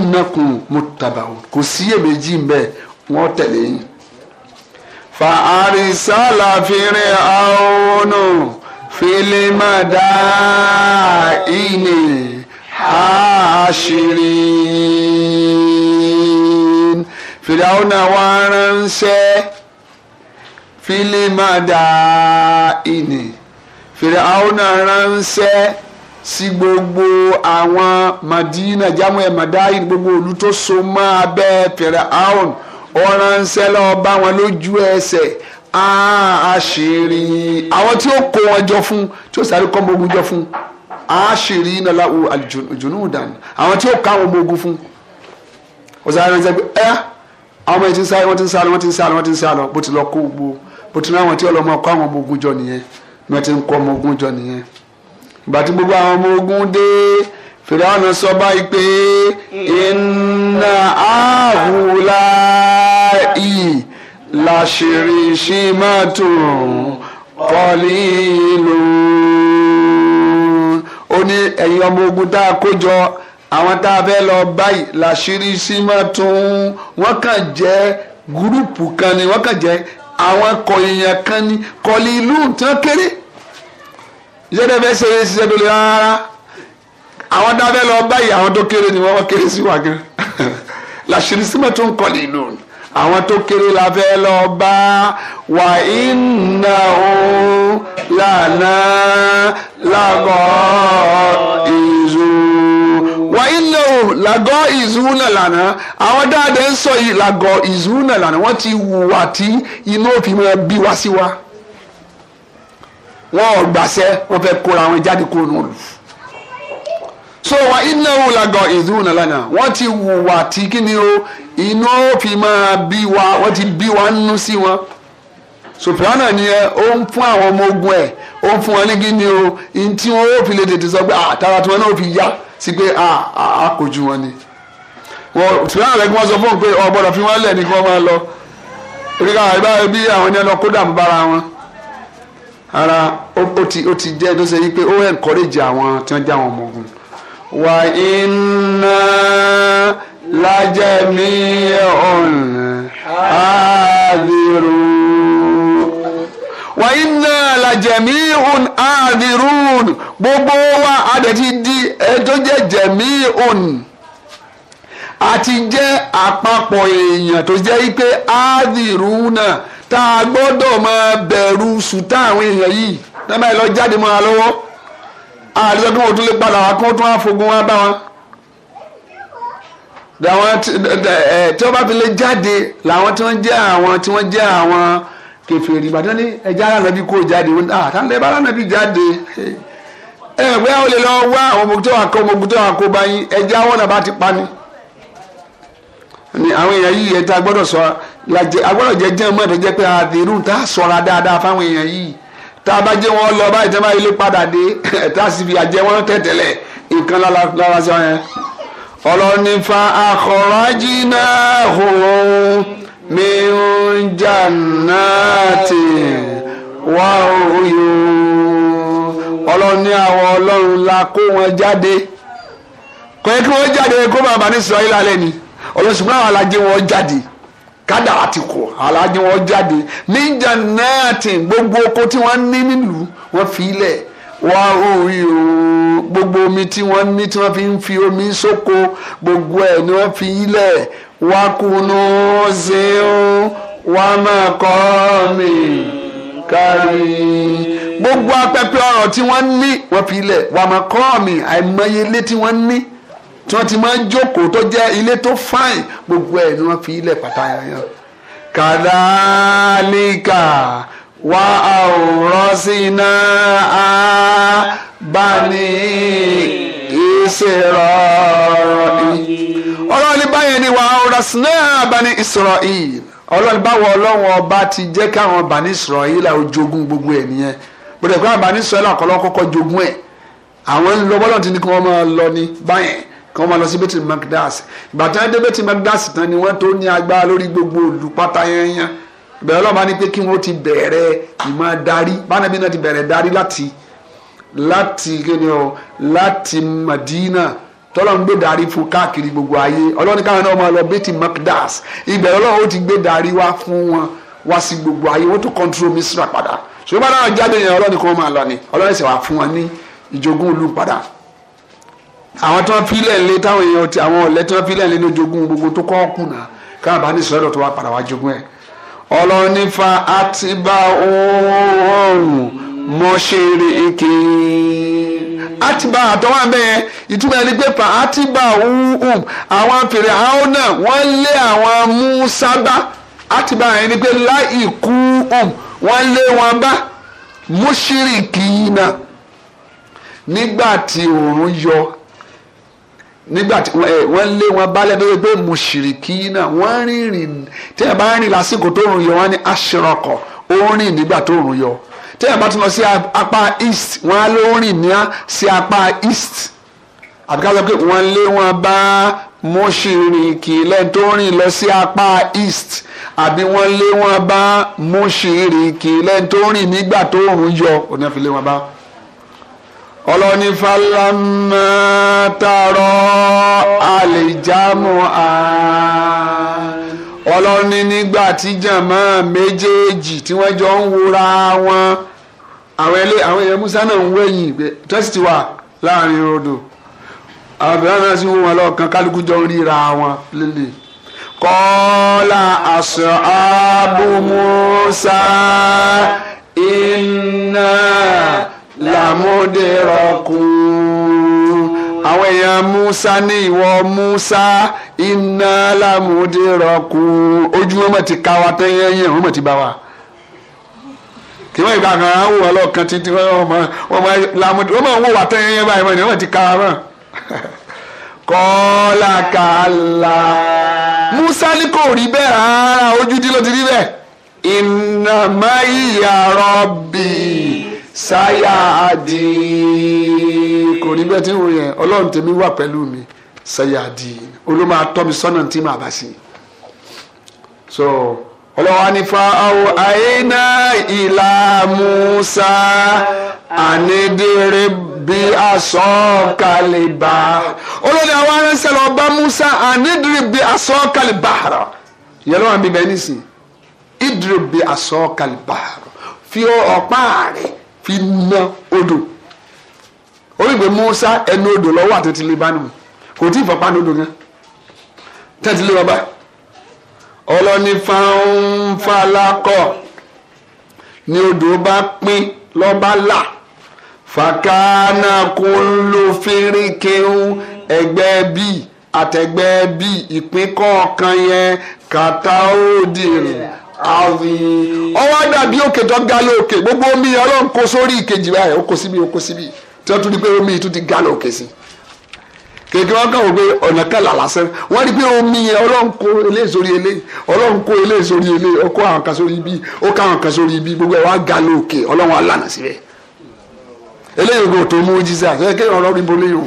Speaker 2: mùtàbàwò kò sí èméjì ń bẹ wọn tẹ̀lé yín. fàárí sálà fìrìn àwọn fìlímàdá ìní àṣírí. fìrìn àwọn náà fílímàdà ìní fìràwọ́nà ránṣẹ́ sí gbogbo àwọn madina jamu ẹ̀ madain gbogbo òlu tó so mọ́ abẹ́ fìràwọ́n ọ̀ránṣẹ́ lọ́ọ́ bá wọn lójú ẹsẹ̀ àṣírí àwọn tí ó kó wọn jọ fún tí ó sáré kọ́ gbogbo jọ fún àṣírí nàlá o àjùnúdàn àwọn tí ó ká àwọn ọmọ ogun fún ọ̀sán ránṣẹ́ pé ẹ́ àwọn ọmọ yìí ti ń sáré wọ́n ti ń sáré wọ́n ti ń sáré wọ́n ti ń sáré bó ti lọ kó gbogbo bó ti ní àwọn tí ọlọ́mọ kọ́ àwọn ọmọ ogun jọ nìyẹn ni wọ́n ti ń kọ́ ọmọ ogun jọ nìyẹn ìgbà tí gbogbo àwọn ọmọ ogun dé fìdáwọn sọ báyìí pé iná àhùlá yìí làṣírí ṣì máa tó kọ́lí lò ó ní ẹ̀yin ọmọ ogun tá a kó jọ àwọn tá a fẹ́ lọ báyìí làṣírí ṣì máa wọ́n kàn jẹ́ gúrúùpù kan ni wọ́n kàn jẹ́ àwọn kọ èèyàn kan ni kọ̀lì ìlú tán kéré iṣẹ́ tẹ́ fẹ́ ṣe é ṣiṣẹ́ tó lè rárá àwọn dábẹ́ lọ báyìí àwọn tó kéré ni wọ́n kéré sí wa gan làṣírí símọ́ tó ń kọ̀lì ìlú ni àwọn tó kéré la fẹ́ lọ bá wà iná òun lànà lágọ̀ọ́ ìzùn wà iná o làgọ́ ìzúnà lànà àwọn dáadé ń sọ yìí làgọ́ ìzúnà lànà wọ́n ti hùwà tí inú òfin máa bí wá sí wa wọn ò gbàṣẹ wọn fẹ́ kóra wọn jáde kó nù so wà iná o làgọ́ ìzúnà lànà wọ́n ti hùwà tí kí ni o inú òfin máa bí wa wọ́n ti bí wa nínú sí wọn soprano ni ẹ ó ń fún àwọn ọmọ ogun ẹ ó ń fún wọn ní kí ni o ntí wọn ó fi lè tètè sọ pé àtàrà tí wọn náà fi yá sí pé ah, a a kò ju wọn ni wọn tìlánà rẹ kí wọn sọ fún un pé ọ gbọ́dọ̀ fi wọn lẹ ní kí wọn máa lọ orí káwọn ìbára bí àwọn ẹni ọlọ kódà mú bára wọn ara ó ti ó ti jẹ tó ṣe yí pé ó encourage àwọn tí wọn já wọn ọmọ wà iná lájẹ̀mí ọ̀hún àdìrún wà iná làjẹ̀mí un àdìrún gbogbo wa àdẹ̀tí di ẹjọ́ jẹ́ jẹ̀mí un àti jẹ́ àpapọ̀ èèyàn tó jẹ́ pé àdìrún náà tá a gbọ́dọ̀ máa bẹ̀rù sùtá àwọn èèyàn yìí náà máa lọ jáde mọ́ra lọ́wọ́ àdìsọ́ kí wọ́n tún lè padà wá kí tún wá fogun wá bá wọn tí wọ́n bá fi lè jáde làwọn tí wọ́n jẹ́ àwọn tí wọ́n jẹ́ àwọn kèfèrí ìbàdàn ní ẹja ara nàbí kó jáde wọn náà àtàndé bá nàbí jáde ẹ ẹ bóyá o lè lọ wá àwọn ọmọ ògùtọ́ àkọ ọmọ ògùtọ́ àkọ báyìí ẹja wọn náà bá ti pa ni. ni àwọn èèyàn yìí ẹja gbọ́dọ̀ sọ lajẹ agbọ́dọ̀ jẹ mọ́ ìtọ́jẹ́ pé àdéhùn tá a sọra dáadáa fáwọn èèyàn yìí tá a bá jẹ́ wọn lọ báyìí tẹ́ bá ilé padà dé tá a sì fi àjẹ wọn tẹ̀tẹ̀lẹ̀ nǹkan lára sọ yẹn ọlọ́ni fa àkọ́rọ́jì náà hùwọ́ من جنات وعيون ọlọ́run ní àwọn ọlọ́run la kó wọn jáde kò yẹ kí wọ́n jáde kó bàbá ní sọ ilé ni ọlọ́sùnmọ́ àwọn alájẹ wọn jáde kádà àti kò alájẹ wọn jáde ní jannati gbogbo oko tí wọ́n ní nílùú wọ́n fi ilẹ̀ wá orí o gbogbo omi tí wọ́n ní tí wọ́n fi ń fi omi sóko gbogbo ẹ̀ ni wọ́n fi ilẹ̀ wakunuzin wamakomi kari gbogbo apẹpẹ ọ̀rọ̀ tí wọ́n ní wọ́n fi ilẹ̀ wamakomi àìmọye ilé tí wọ́n ní tí wọ́n ti máa ń jókòó tó jẹ́ ilé tó fáìn gbogbo ẹ̀ ni wọ́n fi ilẹ̀ pàtàkì kàdáníkà wà àwòránṣínà á bá ní ìṣèrọ̀rọ̀ yìí ọlọ́run ní báyẹn ni wà ọ̀rọ̀sìn náà bá Israel ọlọ́run báwo ọlọ́run ọba ti jẹ́ káwọn bá ní Israel ojogún gbogbo ẹ̀ nìyẹn bọ̀dẹ̀ pé àbá ní Israel àkọlọ́ kọ́kọ́ jogún ẹ̀ àwọn ń lọ bọ́lọ̀ tí ní kí wọ́n máa lọ ní báyẹn kí wọ́n máa lọ sí bẹ́tì magdas ìgbà tí wọ́n dé bẹ́tì magdas tán ni wọ́n tó ní agbára lórí gbogbo òlù pátá yẹnyẹn bẹ̀rẹ̀ ọlọ́ba ni pé kí wọ́n ti bẹ̀rẹ̀ ìmọ̀ darí bánàbí náà ti bẹ̀rẹ̀ darí láti láti kí ni láti Madina tọ́lọ́ ń gbé darí fún káàkiri gbogbo ayé ọlọ́ni káwọn náà máa lọ bẹ́tì makdas ibẹ̀ ọlọ́run ó ti gbé darí wá fún wọn wá sí gbogbo ayé wọ́n tún kọ́ńtúrò misra padà ṣùgbọ́n náà jáde yẹn ọlọ́ni kan máa lọ ni ọlọ́ni sì wá fún wọn ní ìjogún ìlú padà àwọn tó ń filẹ̀ ńlẹ̀ táwọn èèyàn ti àwọn ọ̀lẹ́ tó ń filẹ̀ ńlẹ̀ ní ìjogún gbogbo tó kọ́ kùnà káwọn fa àtibá òórùn mọṣẹrẹkẹ atiba àtọwọ abẹyẹ ìtumọ̀ ẹni pé pa atiba wúhùn àwọn apèrè àwọn wọ́n lé àwọn músábà atiba yẹn ni pé láì wọ́n lé wọn bá mọṣẹrẹkẹ náà nígbà tí òòrùn yọ lé wọn tí ẹ bá tún lọ sí apá east wọn á ló rìn ní sí apá east àbíká sọ pé wọn lé wọn bá mọ́ṣíríkì lẹ́yìn tó rìn lọ sí apá east àbí wọ́n lé wọn bá mọ́ṣíríkì lẹ́yìn tó rìn nígbà tó rùn yọ òní àfi lé wọn bá. ọlọ́ni falama tarọ àlèjámọ́ a ọlọ́ni nígbà tí jàmọ́ méjèèjì tí wọ́n jọ ń wúra wọn àwọn ẹlẹ àwọn ẹyẹ musa náà ń wẹ̀yìn pé tọ́sí ti wà láàrin odò àwọn bẹ̀rẹ̀ náà sì ń wọn lọ́ọ̀kan kálukú jọ ń ríra wọn lélẹ̀ kọ́lá àṣọ ààbò musa iná làmúdẹ̀rọ̀kùn àwọn èèyàn musa ní ìwọ musa iná làmúdẹ̀rọ̀kùn ojú wọn mọ̀ ti ká wa tẹ́yẹ́yẹ́ wọn mọ̀ ti bá wa kí wọ́n ìgbà kan á wò wọ́n lọ́ọ̀kan títí wọ́n máa wọ́n máa wò wà tẹ́yẹ́ yẹn báyìí wọ́n ti ka mọ́ kọ́lá kàlá. Musa ní kò rí bẹ́ẹ̀ rárá ojú dí ló ti rí bẹ́ẹ̀. Inna ma'iya rabbi sayadi. Kò rí bẹ́ẹ̀ tí ń wò yẹn, Ọlọ́run tèmi wà pẹ̀lú mi sayadi. Olú máa tọ́ mi sọ́nà tí màá bá sí. So ọlọ́wọ́ ní fáwọn àyínà ìlà Musa ànídìrí bí asọ́kàlìbà olórí àwọn aránṣẹ́ lọ bá Musa ànídìrí bí asọ́kàlìbà rà yẹlẹ́ wọn bí bẹ́ẹ̀ nísìn ìdìrí bí asọ́kàlìbà fi ọ̀pá rẹ̀ fi na odò orígbé Musa ẹnu odò lọ́wọ́ àti tìlẹ̀ bá nù kò tí ì fọ́pá ní odò yẹn tẹ́tìlẹ̀ bá báyìí ọlọ́ni fáńfàlákọ̀ ni odò bá pín lọ́ba là fàkánà ń lo fẹ́rẹ̀kẹ́hún ẹgbẹ́ bíi àtẹ̀gbẹ́ bíi ìpín kọ̀ọ̀kan yẹn kàtà òdì àwìn. ọwọ́ dàbí òkè tó ga lókè gbogbo omi ọlọ́run kó sórí ìkejì báyìí ó kó síbi ó kó síbi tí wọ́n tún di pé omi yìí tún ti ga lókè sí i. kéèké wọn kàn wọ pé ọ̀nà kan làlà sẹ́ wọ́n rí pé omi yẹn ọlọ́run kó eléyìí sórí eléyìí ọlọ́run kó ibi ó ká àwọn kan sórí ibi gbogbo ẹ̀ wá ga lóòkè ọlọ́run alànà síbẹ̀ eléyìí ògùn tó mú jíjẹ àti ibo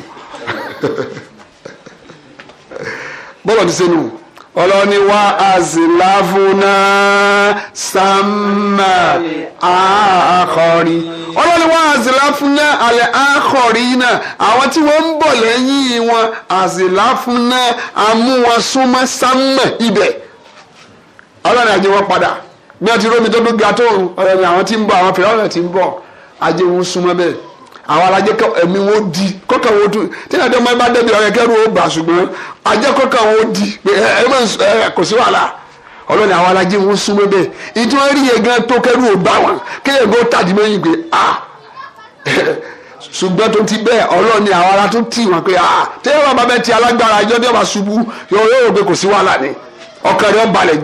Speaker 2: o ti ọlọ́ni wá àzìláfúnà sàmà àkọ́rí ọlọ́ni wá àzìláfúnà àlẹ́ àkọ́rí náà àwọn tí wọ́n ń bọ̀ lẹ́yìn wọn àzìláfúnà amúwasúnmọ́ sàmà ibẹ̀ ọlọ́ni àjẹ wọn padà bí wọ́n ti rómi tó dúgà tó ọlọ́ni àwọn tí ń bọ̀ àwọn àwọn arajẹ kọ ẹ̀mí di kọkàn wọn tu tí nàdé ọmọ ẹbá dẹbi ọyẹ kẹrù ó bà ajẹ kọkàn wọn di ẹ ẹ kò sí wàhálà ọlọ́ni àwọn arajẹ wọn súnmọ́ bẹ́ẹ̀ ìtú wọn rí yẹn gan tó kẹrù wọn kéèyàn tàdí a ṣùgbọ́n tó ti bẹ́ẹ̀ ọlọ́ni àwọn ara tó tì wọn pé a bá ti alágbára wọn bá ṣubú kò sí wàhálà ni ọkàn rẹ balẹ̀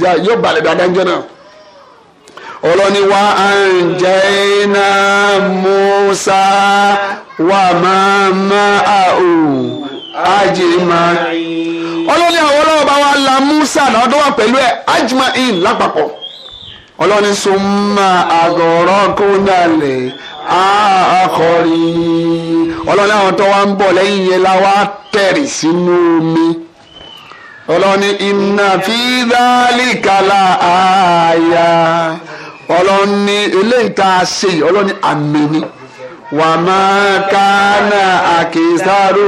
Speaker 2: ọlọ́ni wa anjayna Musa wa máa máa àhù ajma'in ọlọ́ni àwọn ọlọ́wọ́ bá wa la Musa náà dọ́wà pẹ̀lú ẹ̀ ajma'in lápapọ̀ ọlọ́ni summa aghraqnal àkọ́rí ọlọ́ni àwọn tó wá ń bọ̀ lẹ́yìn yẹn la wá tẹ̀rì sínú omi ọlọ́ni inna fi dhalika la àyà ọlọ́run ní eléyìí tá a ṣe yìí ọlọ́run ní àmì ni wà á máa ká náà àkèsáró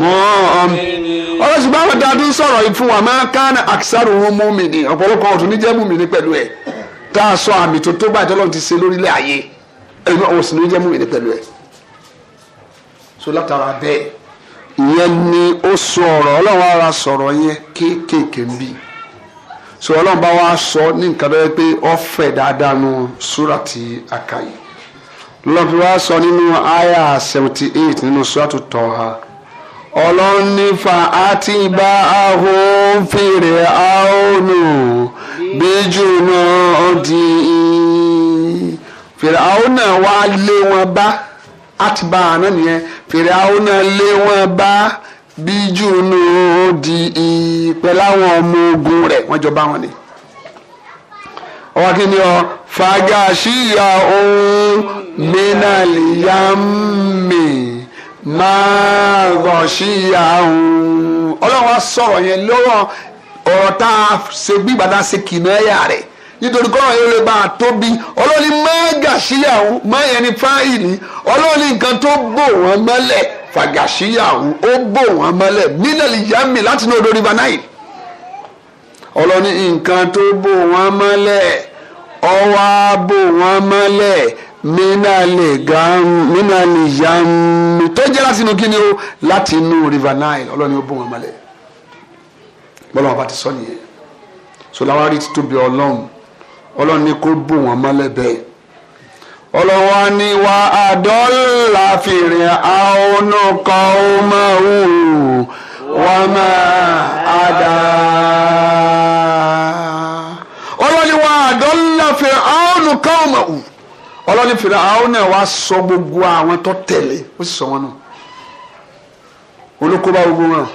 Speaker 2: mọ́ ọmọ ọlọ́run ṣùgbọ́n àwọn dáadé sọ̀rọ̀ yìí wà máa ká náà àkèsáró wọn mú mi ní ọ̀pọ̀lọpọ̀ ọ̀tún ní jẹ́ mú mi ní pẹ̀lú ẹ̀ tá a sọ àmì tó tó báyìí tọ́lọ́run ti ṣe lórílẹ̀ ayé ẹ̀mí ọ̀sìn ní jẹ́ mú mi ní pẹ̀lú ẹ̀ so látara bẹ́ẹ̀ ìyẹn ni ó sọ ọ̀rọ̀ ọlọ́run ara sọ̀rọ̀ yẹn kéékèèké ń bíi so ọlọ́run bá wá sọ ní nǹkan tó pé ọ̀fẹ́ dáadáa nu súrà fi wá sọ nínú àyà seventy eight nínú súrà tó tọ̀ ha ọlọ́run àti ìbá náà fèrè wọn bá àtibá àná nìyẹn fèrè àhónù lé wọn bá. bíjú ní ó di ìpẹ́ láwọn ọmọ ogun rẹ̀ wọ́n jọ bá wọn ni. ọwọ́ kí ni ọ fagasiya ohun mínàlíyàmì máa gọ̀ṣíya ohun. ọlọ́run wa sọ̀rọ̀ yẹn lọ́wọ́ ọ̀rọ̀ tá a ṣe bí ìgbà tá a rẹ̀ nítorí kọ́ ọ̀rọ̀ yorùbá tóbi ọlọ́ni máa gàṣíyà ohun máa yẹn ní fáìlì ọlọ́ni nǹkan tó bò wọ́n mọ́lẹ̀ fàgàṣíyàwó ó bò wọ́n mọ́lẹ̀ nílẹ̀ yàmì láti ní odò river nile ọlọ́ni nǹkan tó bò wọ́n mọ́lẹ̀ ọwọ́ bò wọ́n mọ́lẹ̀ mínàlì yàmì tó jẹ́ láti inú kíni o láti inú river nile ọlọ́ni ó bò wọ́n mọ́lẹ̀ bọ́lá wọn bá ti sọ nìyẹn sọláwárí ti tóbi ọlọ́run ọlọ́run ní kó bò wọ́n mọ́lẹ̀ bẹ́ẹ̀ ọlọ́wọ́ ni wà á dọ́là fìrì àwọn ọkọ̀ ọmọ òun wọ́n máa àdá. ọlọ́ni wà á dọ́là fìrì àwọn ọkọ̀ ọmọ òun ọlọ́ni fìrì àwọn náà wá sọ gbogbo àwọn tó tẹ̀lé ó sì sọ wọn nù olókóbá gbogbo wọn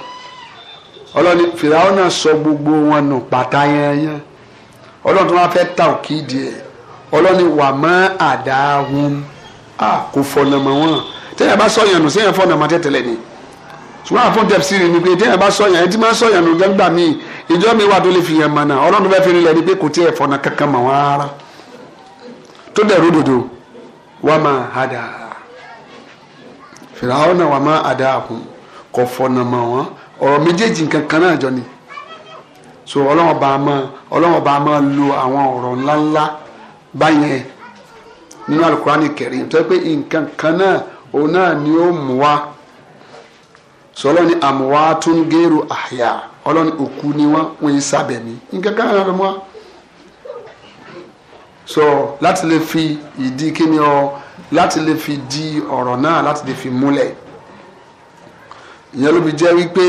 Speaker 2: ọlọ́ni fìrì àwọn náà sọ gbogbo wọn nù pàtàyẹn yẹn tó wá fẹ́ ta òkìdí ẹ̀ ọlọ́ni wà mọ́ àdáhùn à kò fọ̀nà mọ́ wọn téèyàn bá sọ yẹn nù séèyàn fọ̀nà mọ́ tẹ́tẹ́lẹ̀ ni ṣùgbọ́n àfọ̀n tẹ̀síìrì ni pé téèyàn bá sọ yẹn ẹtí máa sọ yẹn nù gbàgbà mi ìjọ mi wà tó lè fi yẹn mọ́ náà ọlọ́run bẹ́ẹ̀ fi rinlẹ̀ ni pé kò tí ẹ̀ fọ̀nà kankan mọ́ wọn rárá tó dẹ̀ ródòdó wà má àdá fìràwọ́n náà wà má àdá àkùn kò fọ̀nà mọ́ wọn ọ̀rọ̀ méjèèjì nǹkan náà jọ ni so ọlọ́run bá a máa ọlọ́run bá a máa lo àwọn ọ̀rọ̀ báyẹn nínú alukurani kẹrin tó yẹ pé nǹkan kan náà òun náà ni ó mú wa sọlọ ni àmúwá tún géèrú àyà ọlọ́ni òkú ni wọ́n wọ́n yìí sábẹ̀ mi nǹkan kan náà mú wa so láti lè fi ìdí kíni ọ láti lè fi di ọ̀rọ̀ náà láti lè fi múlẹ̀ ìyẹn ló fi jẹ́ wípé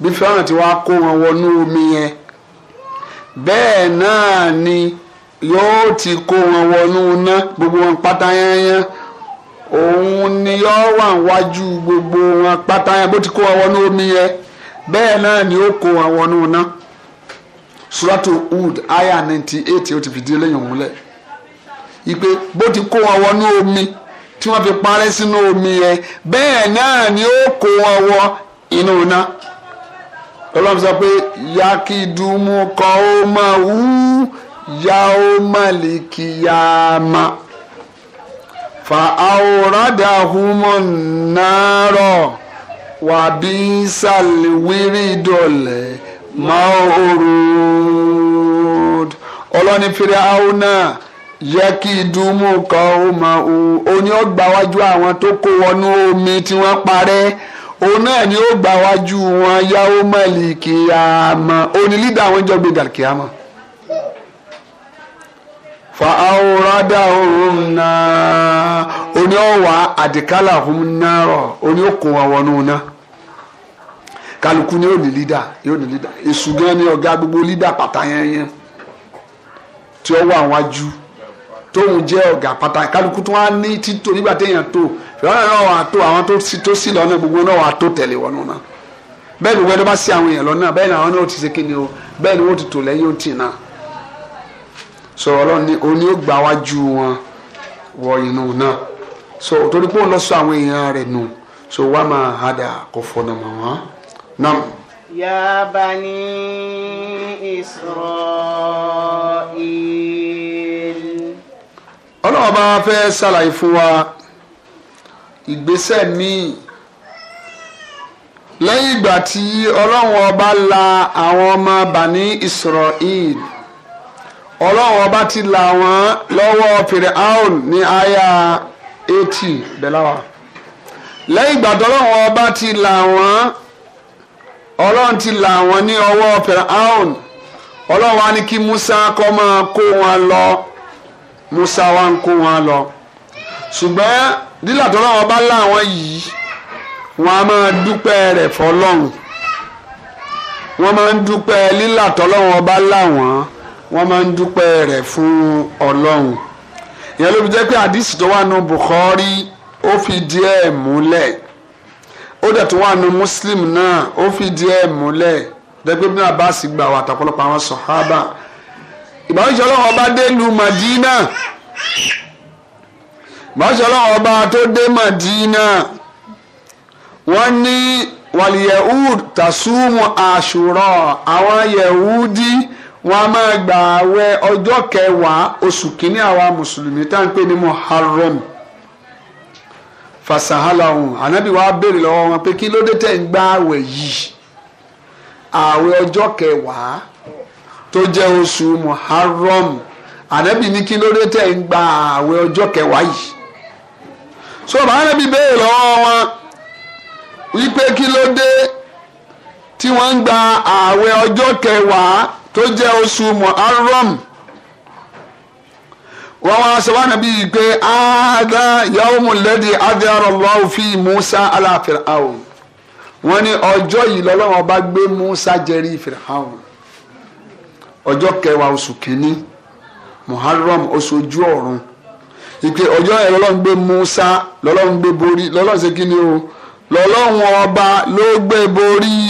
Speaker 2: bí fẹ́ràn tí wàá kó wọn wọnú omi yẹn bẹ́ẹ̀ náà ni. yóò ti kó wọn wọnú gbogbo wọn pátá òun ni yóò wà wájú gbogbo wọn pátá bó ti kó wọn wọnú omi yẹn bẹ́ẹ̀ náà ni ó kó wọn wọnú aya ninety eight ó ti eléyìí ipe bó ti kó wọn wọnú omi tí wọ́n fi parẹ́ sínú omi yẹn bẹ́ẹ̀ náà ni ó kó wọn wọ inú iná kọ́ ó máa wú. yaumalikiyama fa awradahum naro wa bisal maorud ọlọ́ni fèrè àwọn náà yẹ kí ìdùnmù kan ó mọ òun ó ní ó gbà àwọn tó kó wọnú omi tí wọ́n parẹ́ òun náà ni ó gbà wájú wọn yáwó mọ̀lì ni àwọn ìjọba fa awurada ohun náà oní ọwà àdìkálà fún náírà oní òkun wa wọnú náà kálukú ni yóò ní lídà yóò ní lídà èṣù gan ni ọ̀gá gbogbo lídà pátá yẹn yẹn tí ó wà wájú tóun jẹ́ ọ̀gá pátá kálukú tó wá ní títò nígbà téèyàn tó fìlànà náà wà tó àwọn tó sí tó sí lọ́nà gbogbo náà wà tó tẹ̀lé wọnú náà bẹ́ẹ̀ ni wọ́n bá sí àwọn èèyàn lọ́nà bẹ́ẹ̀ ni àwọn náà ti ṣe kíni o bẹ́ẹ̀ ni wọ́n ti tò lẹ́yìn ó tì náà so ọlọ́run ni òun ni ó gbà wájú wọn wọ inú náà so torí pé òun lọ sọ àwọn èèyàn rẹ̀ nù so wà máa hada kò fọ̀nà mọ̀ wọ́n náà.
Speaker 1: Ya bani Israel.
Speaker 2: ọlọ́run bá fẹ́ ṣàlàyé fún wa ìgbésẹ̀ míì lẹ́yìn ìgbà tí ọlọ́run ọba la àwọn ọmọ bani Israel ọlọ́run ọba ti là wọ́n lọ́wọ́ Firaun ní àyà eighty bẹ́láwà lẹ́yìn ìgbà tọ́lọ́run ọba ti là wọ́n ọlọ́run ti là wọ́n ní ọwọ́ Firaun ọlọ́run wa ní kí Musa kọ́ máa kó wọn lọ Musa wa ń kó wọn lọ ṣùgbọ́n dílà tọ́lọ́run ọba là wọ́n yìí wọ́n a máa dúpẹ́ rẹ̀ fọlọ́run wọ́n máa ń dúpẹ́ lílà tọ́lọ́run ọba là wọ́n wọ́n máa ń dúpẹ́ rẹ̀ fún ọlọ́run ìyẹn ló fi jẹ́ pé àdìsí tó wà nù Bukhari ó fi díẹ̀ múlẹ̀ ó dẹ̀ tó wà nù Muslim náà ó fi díẹ̀ múlẹ̀ dẹ́gbẹ́ bí Abbas gbà wà àtàkọ́lọ́pọ̀ àwọn sọ̀hábà ìbáwí ìṣọ́lọ́wọ́ ọba dé lu Madina báṣọlá ọba tó dé Madina wọ́n ní wàlìyẹ̀húd tàṣùmù àṣùrọ̀ àwọn yẹ̀húdí wọn a máa gbà àwẹ̀ ọjọ́ kẹwàá oṣù kínní àwa mùsùlùmí tá à ń pè ní muharram fasahala ọhún ànábì wa béèrè lọ́wọ́ wọn pé kí ló dé tẹ̀ ń gbà àwẹ̀ yìí àwẹ̀ ọjọ́ kẹwàá tó jẹ́ oṣù muharram ànábì ní kí ló dé ń gbà àwẹ̀ ọjọ́ kẹwàá yìí so bàbá ànábì béèrè lọ́wọ́ wọn wípé kí ló dé tí wọ́n ń gba àwẹ̀ ọjọ́ kẹwàá tó jẹ́ oṣù muharram wọ́n wá sọ wọ́n nàbí yìí pé àádá yawmu lẹ́dí adhiyarallahu fi Musa ala Fir'aun wọ́n ní ọjọ́ yìí lọ́lọ́run ọba gbé Musa jẹrí Fir'aun ọjọ́ kẹwàá oṣù kìíní muharram oṣù ojú ọ̀run ìpè ọjọ́ yẹn lọ́lọ́run gbé Musa lọ́lọ́run gbé borí lọ́lọ́run ṣe kí ni o lọ́lọ́run ọba ló gbé borí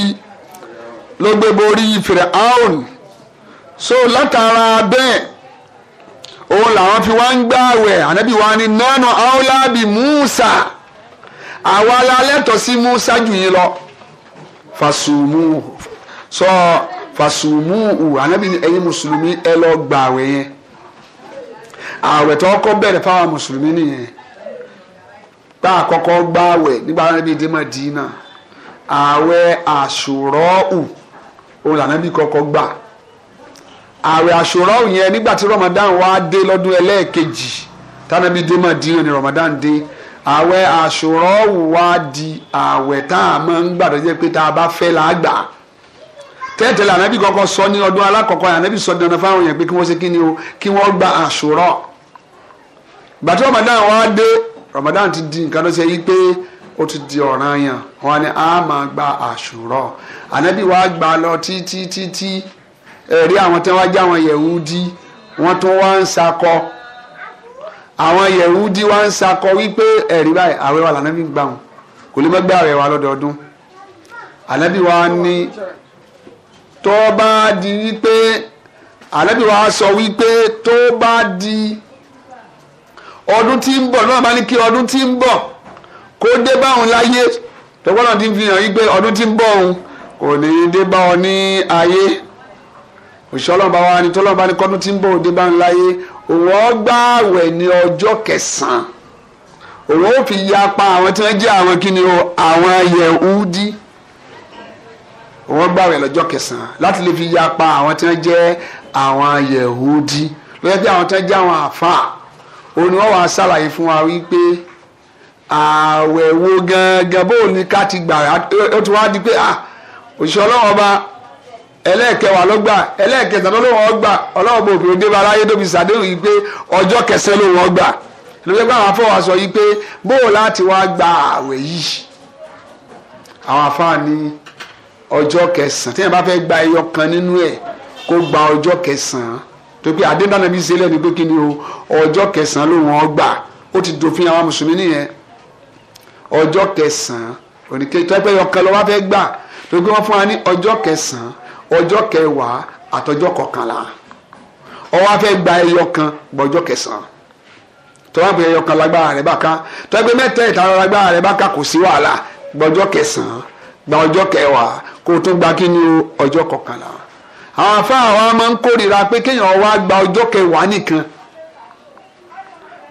Speaker 2: ló gbé borí Fir'aun so látara bẹ́ẹ̀ òun làwọn fi wá ń gbààwẹ̀ ànábì wa ni nánà áúláàbì Musa àwa la lẹ́tọ̀ọ́ sí Musa jù yín lọ fàṣùmù sọ fàṣùmù ù ànábì ni ẹ̀yin mùsùlùmí ẹ lọ gbààwẹ̀ yẹn ààwẹ̀ tó kọ́ bẹ̀rẹ̀ fáwọn mùsùlùmí nìyẹn tá a kọ́kọ́ gbààwẹ̀ nígbà wọn bí dé Mádínà ààwẹ̀ àṣùrọ̀ ù òun làwọn bí kọ́kọ́ gbà ààwẹ̀ àṣùrọ̀ yẹn nígbà tí Ramadan wá dé lọ́dún ẹlẹ́ẹ̀kejì tánàbí dé Mádínà ní Ramadan dé ààwẹ̀ àṣùrọ̀ wá di ààwẹ̀ tá a máa ń gbà tó jẹ́ pé tá a bá fẹ́ là á gbà tẹ́tẹ̀lẹ̀ ànábì kọ́kọ́ sọ ní ọdún alákọ̀ọ́kọ́ ànábì sọ dandan fáwọn yẹn pé kí wọ́n ṣe kí ni o kí wọ́n gba àṣùrọ̀ gbàtí Ramadan wá dé Ramadan ti di nǹkan tó ṣe pé ó ti di ọ̀ranyàn wọn ni a máa gba àṣùrọ̀ ànábì wá gbà lọ títí ẹ̀rí àwọn tí wọ́n já àwọn yẹ̀wúdí wọ́n tún wá ń sakọ àwọn yẹ̀wúdí wá ń sakọ wípé ẹ̀rí báyìí àwẹ̀ wà lànà bí ń gbà wọn kò lè mọ́gbà àwẹ̀ wa lọ́dọọdún ànábì wa ní tó bá di wípé ànábì wa sọ wípé tó bá di ọdún tí ń bọ̀ náà bá ní kí ọdún tí ń bọ̀ kó dé báwọn láyé tọ́gbọ́n náà ti fi hàn yí pé ọdún tí ń bọ̀ òun kò ní dé bá ní ayé òṣìṣẹ́ ọlọ́run bá wá ní tọ́lọ́run bá ní kọ́dún tí ń bọ̀ òde bá ń láyé òun ọgbà àwẹ̀ ní ọjọ́ kẹsàn-án òun ó fi yapa àwọn tí wọ́n jẹ́ àwọn kí ni o àwọn Yẹhudi òun ọgbà àwẹ̀ lọ́jọ́ kẹsàn-án láti lè fi yapa àwọn tí wọ́n jẹ́ àwọn Yẹhudi lọ́jọ́ bí àwọn tí wọ́n jẹ́ àwọn àfáà òun ni wọ́n wàá ṣàlàyé fún wa wípé àwẹ̀ wo gangan bóun ni ká ti gbà ó ti wá di pé ah òṣìṣẹ́ ọlọ́run ẹlẹ́ẹ̀kẹwàá ló gbà ẹlẹ́ẹ̀kẹta ló lóun ọgbà ọlọ́run bò bìrò dé aráyé tóbi sàdéhùn yìí pé ọjọ́ kẹsẹ́ lóun ọgbà lóun gbà àwọn afọwọ́ sọ yìí pé bóò láti wá gba àwẹ̀ yìí àwọn afáà ní ọjọ́ kẹsàn-án téèyàn bá fẹ́ gba ẹyọ kan nínú ẹ̀ kó gba ọjọ́ kẹsàn-án tó pé adéńdáná bí ṣe lẹ́nu pé kí ni o ọjọ́ kẹsàn-án lóun ọgbà ó ti dòfin àwọn mùsùlùmí nìyẹn ọjọ́ kẹsàn-án oníkejì tó pé ẹyọ kan ló wá fẹ́ gbà tó pé wọ́n fún wa ní ọjọ́ kẹsàn-án ọjọ́ kẹwàá àtọjọ́ kọkànlá gba ẹyọ kan kẹsàn-án tọ́wọ́ pé ẹyọ kan lágbára rẹ̀ bá ká tọ́wọ́ pé lágbára rẹ̀ bá ká kò sí wàhálà gbọ́jọ́ kẹsàn-án gba ọjọ́ kẹwàá tún gba kí ni wa gba ọjọ́ kẹwàá nìkan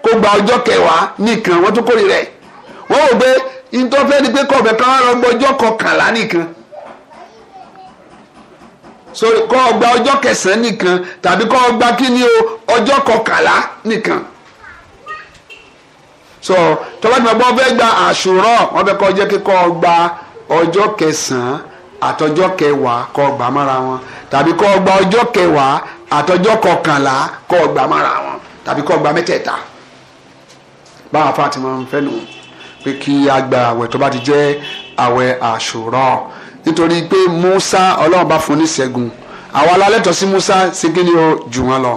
Speaker 2: kó gba ọjọ́ kẹwàá nìkan wọ́n tún ẹ̀ wọ́n wò pé ni pé lọ so kọ́ ọ gba ọjọ́ kẹsàn-án nìkan tàbí kọ́ ọ gba o ọjọ́ kọkànlá nìkan so tọ́ba tí mo bọ́ fẹ́ gba àṣùrọ̀ wọ́n fẹ́ kọ́ jẹ́ kí kọ́ ọ gba ọjọ́ kẹsàn-án àtọjọ́ kẹwàá kọ́ ọ gbà mára wọn tàbí kọ́ ọ gba ọjọ́ kẹwàá àtọjọ́ kọkànlá kọ́ ọ gbà mára wọn tàbí kọ́ ọ gba mẹ́tẹ̀ẹ̀ta báwa fáti fẹ́ nù pé kí a gba àwẹ̀ tó bá ti jẹ́ àwẹ̀ àṣùrọ̀ nítorí pé Musa Ọlọ́run bá fún ní ṣẹ́gun àwa la lẹ́tọ̀ọ́ sí Musa ṣe kí ni ó jù wọ́n lọ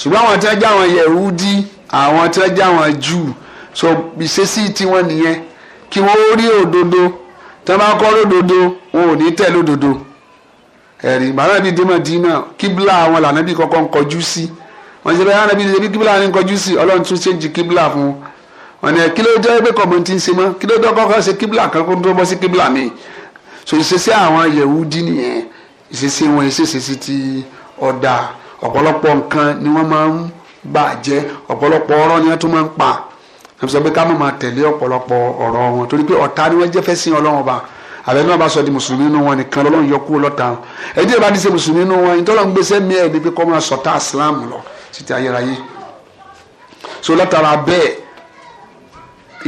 Speaker 2: ṣùgbọ́n àwọn tí wọ́n jẹ́ àwọn Yẹ̀húdí àwọn tí wọ́n jẹ́ àwọn Júù so ìṣesí tiwọn nìyẹn kí wọ́n ó rí òdodo tí wọ́n bá kọ́ lódodo wọn ò ní tẹ̀ lódodo ẹ̀rí bàbá mi dé Mọ̀dínà kíbla àwọn làná bí kọ́kọ́ ń kọjú sí wọ́n ṣe bẹ́ẹ̀ lànà bí ṣe kíbla ní kọjú sí Ọlọ́run tún ṣe ń jí kíbla fún wọn ọ̀nà kí ló jẹ́ pé kọ̀mọ̀ntì ń ṣe mọ́ kí ló jẹ́ kọ́kọ́ ṣe kíbla kan kó tó bọ́ sí kíbla míì so ìṣesí àwọn Yẹhudi nìyẹn ìṣesí wọn ìṣesí ti ọ̀dà ọ̀pọ̀lọpọ̀ nǹkan ni wọ́n máa ń bàjẹ́ ọ̀pọ̀lọpọ̀ ọ̀rọ̀ ni wọ́n tún máa ń pa ẹ̀ sọ pé ká má máa tẹ̀lé ọ̀pọ̀lọpọ̀ ọ̀rọ̀ wọn torí pé ọ̀tá ni wọ́n jẹ́ fẹ́ sí Ọlọ́run ọba àbẹ̀ni wọn bá sọ di mùsùlùmí nínú wọn nìkan lọ́lọ́run yọ kúrò lọ́ta wọn èyí tí ìbá ti ṣe mùsùlùmí nínú wọn nítorí wọn gbèsè mí ẹ̀ pé kọ́ máa sọ̀tá islam lọ títí ayérayé so látara bẹ́ẹ̀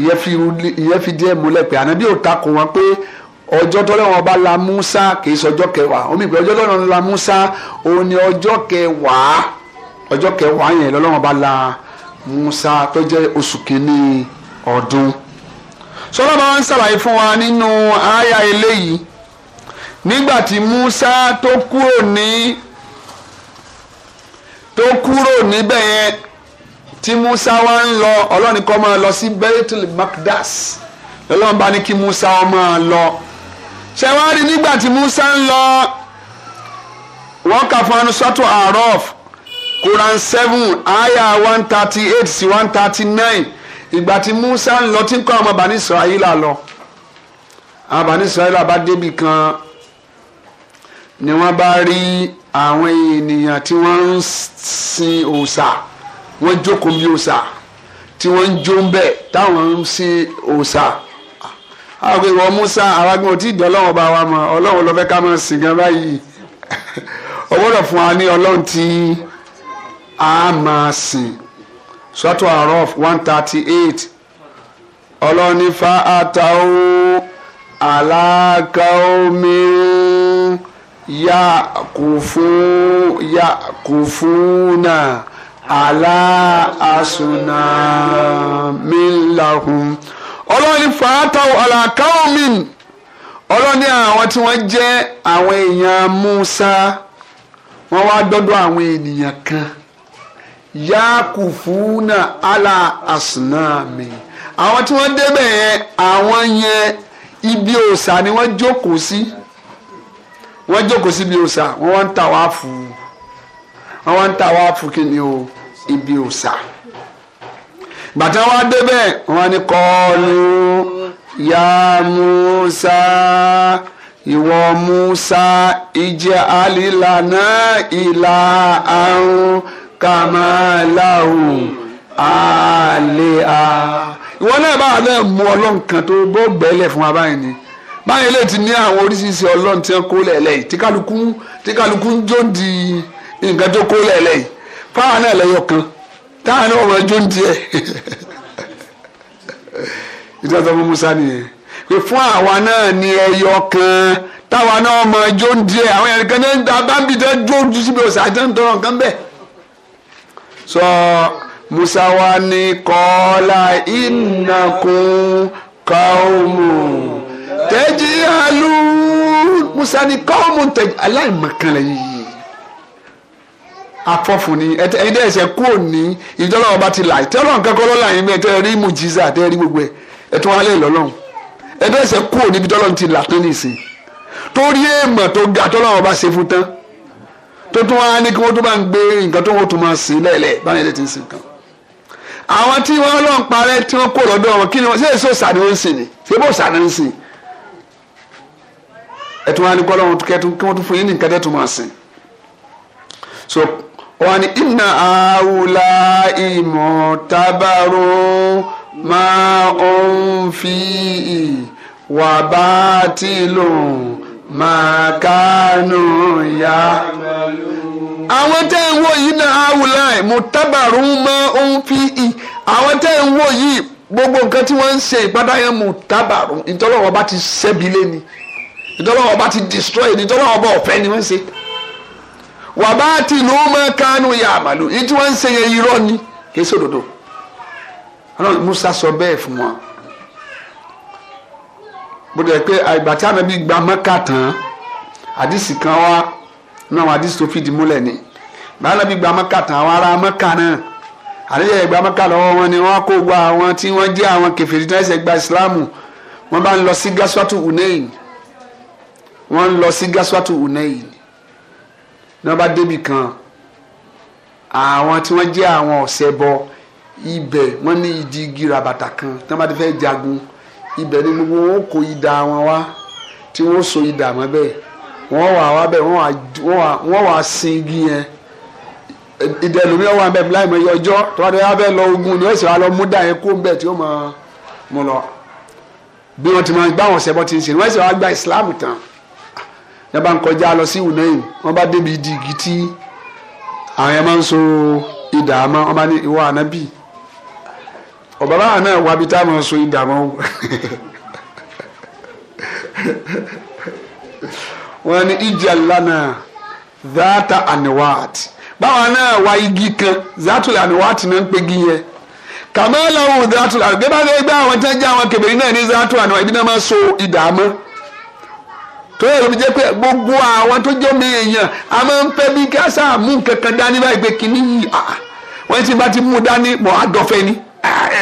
Speaker 2: ìyẹn fi díẹ̀ múlẹ̀ pé ànábì ò takò wọn pé ọjọ́ tọ́lọ́run ọba la Musa kì í sọjọ́ kẹwàá omi ìgbà ọjọ́ tọ́lọ́run la Musa òun ni ọjọ́ kẹwàá ọjọ́ kẹwàá yẹn lọ́lọ́run ọba la Musa tó jẹ́ oṣù kìíní ọdún sọlá máa ń ṣàlàyé fún wa nínú àyà eléyìí nígbà tí Musa tó kúrò ní tó kúrò níbẹ̀ yẹn tí Musa wá ń lọ ọlọ́run kọ́ máa lọ sí Baitul Maqdas lọ́lọ́run ní kí Musa ó máa lọ ṣẹwárí nígbà tí Musa ń lọ wọ́n kà fún anusọ́tò arof Quran seven aya one thirty eight sí one thirty nine ìgbà tí Musa ń lọ tí ń kọ́ ọmọ bani Israẹla lọ àwọn bani Israẹla bá débi kan ni wọ́n bá rí àwọn ènìyàn tí wọ́n ń sin òòṣà wọ́n jókòó bí òòṣà tí wọ́n ń jó ń bẹ̀ táwọn ń sin òòṣà àwọn òkè Musa arágbọ́n ò tí ì ọba wa mọ̀ ọlọ́run ló ká máa sìn gan báyìí ó fún wa ní ọlọ́run tí a máa sìn sọ́tọ̀ àrọ́f one thirty eight ọlọ́ni fa àtàwọn alákàómi yà kò fún yà kò fún náà alá àsùnà mi ọlọ́ni fàátàwù alákàómìn ọlọ́ni àwọn tí wọ́n jẹ́ àwọn èèyàn Musa wọ́n wá dọ́dọ̀ àwọn ènìyàn kan yakufuna ala asinami àwọn tí wọ́n débẹ̀ yẹn àwọn yẹn ibi òòsà ni wọ́n jókòó sí wọ́n jókòó sí ibi òòsà wọ́n wá ń tàwáàfù wọ́n wá ń tàwáàfù kí ni o ibi òòsà gbàtà wa débẹ̀ wọ́n ní kọ́ọ̀lù ya Musa ìwọ Musa ìjẹ́ alilana ìlà àrùn kàmáláhù àlẹ́ à. ìwọ náà bá àlẹ́ mú ọlọ́run kan tó bó gbẹ́lẹ̀ fún wa báyìí ni báyìí lè ti ní àwọn oríṣiríṣi ọlọ́run tí wọ́n kó lẹ̀lẹ́ yìí tí kálukú ń jó di nǹkan tó kó lẹ̀lẹ́ yìí fáwọn náà lẹ́yọ̀ kan táwọn náà wọ́n jó ń tiẹ̀ ìjọba sọ fún Musa nìyẹn fún àwa náà ni ẹyọ kan táwa náà mọ jó ń tiẹ̀ àwọn ẹ̀rí kan náà ń gba bámbì tó jó ojú síbi òsè àti ń tọrọ nǹkan bẹ́ẹ̀. sọ Musa wa ni kọ́ọ́lá ìnàkùn káwọ́mù tẹ́jì àlù Musa ni káwọ́mù tẹ́jì aláìmọ̀kan yìí afọ́fun ni ẹ̀yin tẹ́ ẹ̀sẹ̀ kúrò ní ìjọba ọba ti là tẹ́ ọlọ́run kankan lọ́la yín bẹ́ẹ̀ tẹ́ rí mùjíza tẹ́ rí gbogbo ẹ̀ ẹ̀tún alẹ́ lọ́lọ́run ẹ̀tún ẹ̀sẹ̀ kúrò níbi tọ́lọ́run ti là tó nìsín torí èèmọ̀ tó ga tọ́lọ́run ọba ṣe fún tán tó tún wá ní kí wọ́n tó bá ń gbé nǹkan tó wọ́n tó máa sìn lẹ́lẹ̀ báyìí lè ti ń sìn kan àwọn tí wọ́n lọ́n parẹ́ tí wọ́n kó lọ́dọ̀ wọn kí ni wọ́n ṣe èso sàní wọ́n ń sìn ni ṣé bó sàní ń sìn ẹ̀tún wá ní kọ́ kí wọ́n tún fún yín ní nǹkan tẹ́tún máa sìn so wọ́n ní iná àwùlá ìmọ̀tábàrò máa ń fi ìwà bá tìlù máa kánú ya. àwọn tẹ́ ń wò yìí náà àwùlá ìmọ̀tábàrò máa ń fi ì àwọn tẹ́ ń wò yìí gbogbo nǹkan tí wọ́n ń ṣe ìbádáyẹn mọ̀tábàrò ìtọ́lọ́wọ́ bá ti ṣẹ́bi lé ni ìtọ́lọ́wọ́ bá ti destroy ni ìtọ́lọ́wọ́ bá ọ̀fẹ́ ni wọ́n ń ṣe wà bá ti ló máa kánú ya àmàlù yìí tí wọ́n ń ṣe yẹn irọ́ ni kì í sòdodo Musa sọ bẹ́ẹ̀ fún wọn bó dẹ̀ pé àgbà tí àná bí gba mọ́kà tán àdìsí kan wá náà àwọn àdìsí tó fìdí múlẹ̀ ni báyọ̀ bí gba mọ́kà tán àwọn ará mọ́kà náà àdéhùn ẹ̀gbá mọ́kà lọ́wọ́ wọn ni wọ́n kó gba àwọn tí wọ́n jẹ́ àwọn kèfèrí tí wọ́n gba ìsìláàmù wọ́n bá ń lọ sí gasuwatu unayin wọ́n ń lọ sí gasuwatu unayin ní wọ́n bá débì kan àwọn tí wọ́n jẹ́ àwọn ọ̀ṣẹbọ ibẹ̀ wọ́n ní ìdí igi ràbàtà kan tí wọ́n bá ti fẹ́ jagun ibẹ̀ ni gbogbo wọn kó idà wọn wá tí wọ́n so idà mọ́ bẹ́ẹ̀ wọ́n wà wá bẹ́ẹ̀ wọ́n wà sin igi yẹn ìdẹ lómi ọwọ́ abẹ láì mọ iye ọjọ́ tó wà lóyún abẹ lọ ogun ni ó sì wà lọ mú dà yẹn kó bẹ́ẹ̀ tí ó mọ mọ lọ bí wọ́n ti máa gbá wọn ṣẹbọ ti ń ṣe wọ́n sì wá gba ìsìlámù tán yaba ń kọjá lọ sí unayin wọn bá débi di igi tí àwọn yẹn máa ń so idà àmọ́ wọn bá ní ìwọ ànábì ọba báwa náà wà bí táwọn so idà mọ́ wọn ní ìjà lánàá zaata aniwaati báwa náà wà igi kan zaatula aniwaati náà ń pegi yẹn kàmáà làwọn zaatula gẹ́gẹ́ bá gbé àwọn tí wọ́n já àwọn kẹ̀mẹ́rin náà ní zaatula aniwaati ibi náà máa so idà tó yẹ lóbi jẹ pé gbogbo àwọn tó jẹ́ mi èèyàn a máa ń fẹ́ bí gáàsà mú kankan dání báyìí pé kínní yìí wọ́n ti bá ti mú dání mọ́ àdọ́fẹ́ ni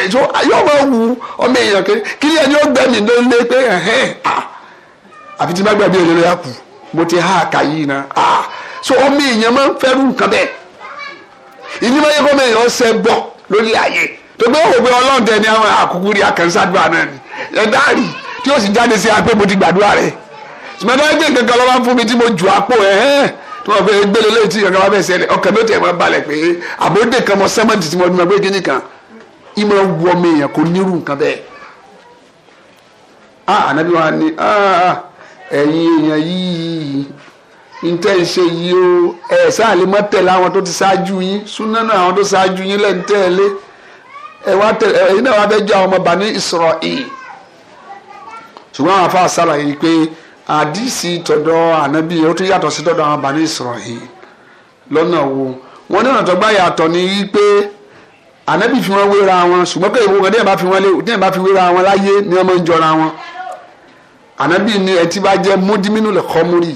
Speaker 2: ẹ̀ṣọ́ yóò máa wù ọmọ èèyàn kiri kínní ẹni ó gbẹ̀mí ló lé pé ẹ̀hẹ́n àfi tí bá gbàgbé òdodo yà kù mo ti há àkà yìí na so ọmọ èèyàn máa ń fẹ́rù nǹkan bẹ́ẹ̀ ìní máa yẹ kọ́ ọmọ èèyàn ṣẹ bọ̀ lórí ayé tó gbé ni àwọn àkúkú rí akẹ́ńsádùá náà ni ẹ̀dá rí tí tí mo bá gbé nǹkan kan lọ́wọ́ fún mi tí mo jù àpò ẹ̀ ẹ́ tí wọ́n fẹ́ gbélé lẹ́yìn tí kankan bá fẹ́ ṣẹlẹ̀ ọkàn mi ò tẹ̀ máa balẹ̀ pé àbódé kan mọ sẹ́mẹ́ǹtì tí mo fi máa gbé kíní kan ìmọ̀ wọ mi èèyàn kò nírú nǹkan bẹ́ẹ̀. a ah, ànábi wa ni ah, ẹ̀yin èèyàn yìí n tẹ́ ń ṣe yìí o ẹ̀ sáà lè má tẹ̀lé àwọn tó ti ṣáájú yín súnánà àwọn tó ṣáájú yín lẹ́ ń tẹ̀lé ẹ̀yin náà wàá fẹ́ jẹ́ àwọn ọmọ bani Israel ṣùgbọ́n àwọn afáà sàlàyé pé àdìsí tọ̀dọ̀ ànábì ó tún yàtọ̀ sí tọ̀dọ̀ àwọn Bani Israil lọ́nà wo wọn ní ọ̀nà tó gbá yàtọ̀ ni wípé ànábì fi wọn wéra wọn ṣùgbọ́n pé ìwọ kẹ́dẹ́ bá fi wọn lé díẹ̀ bá fi wéra wọn láyé ni wọ́n máa ń wọn ànábì ni ẹtí bá jẹ́ múdímínú lẹ́kọ́múrì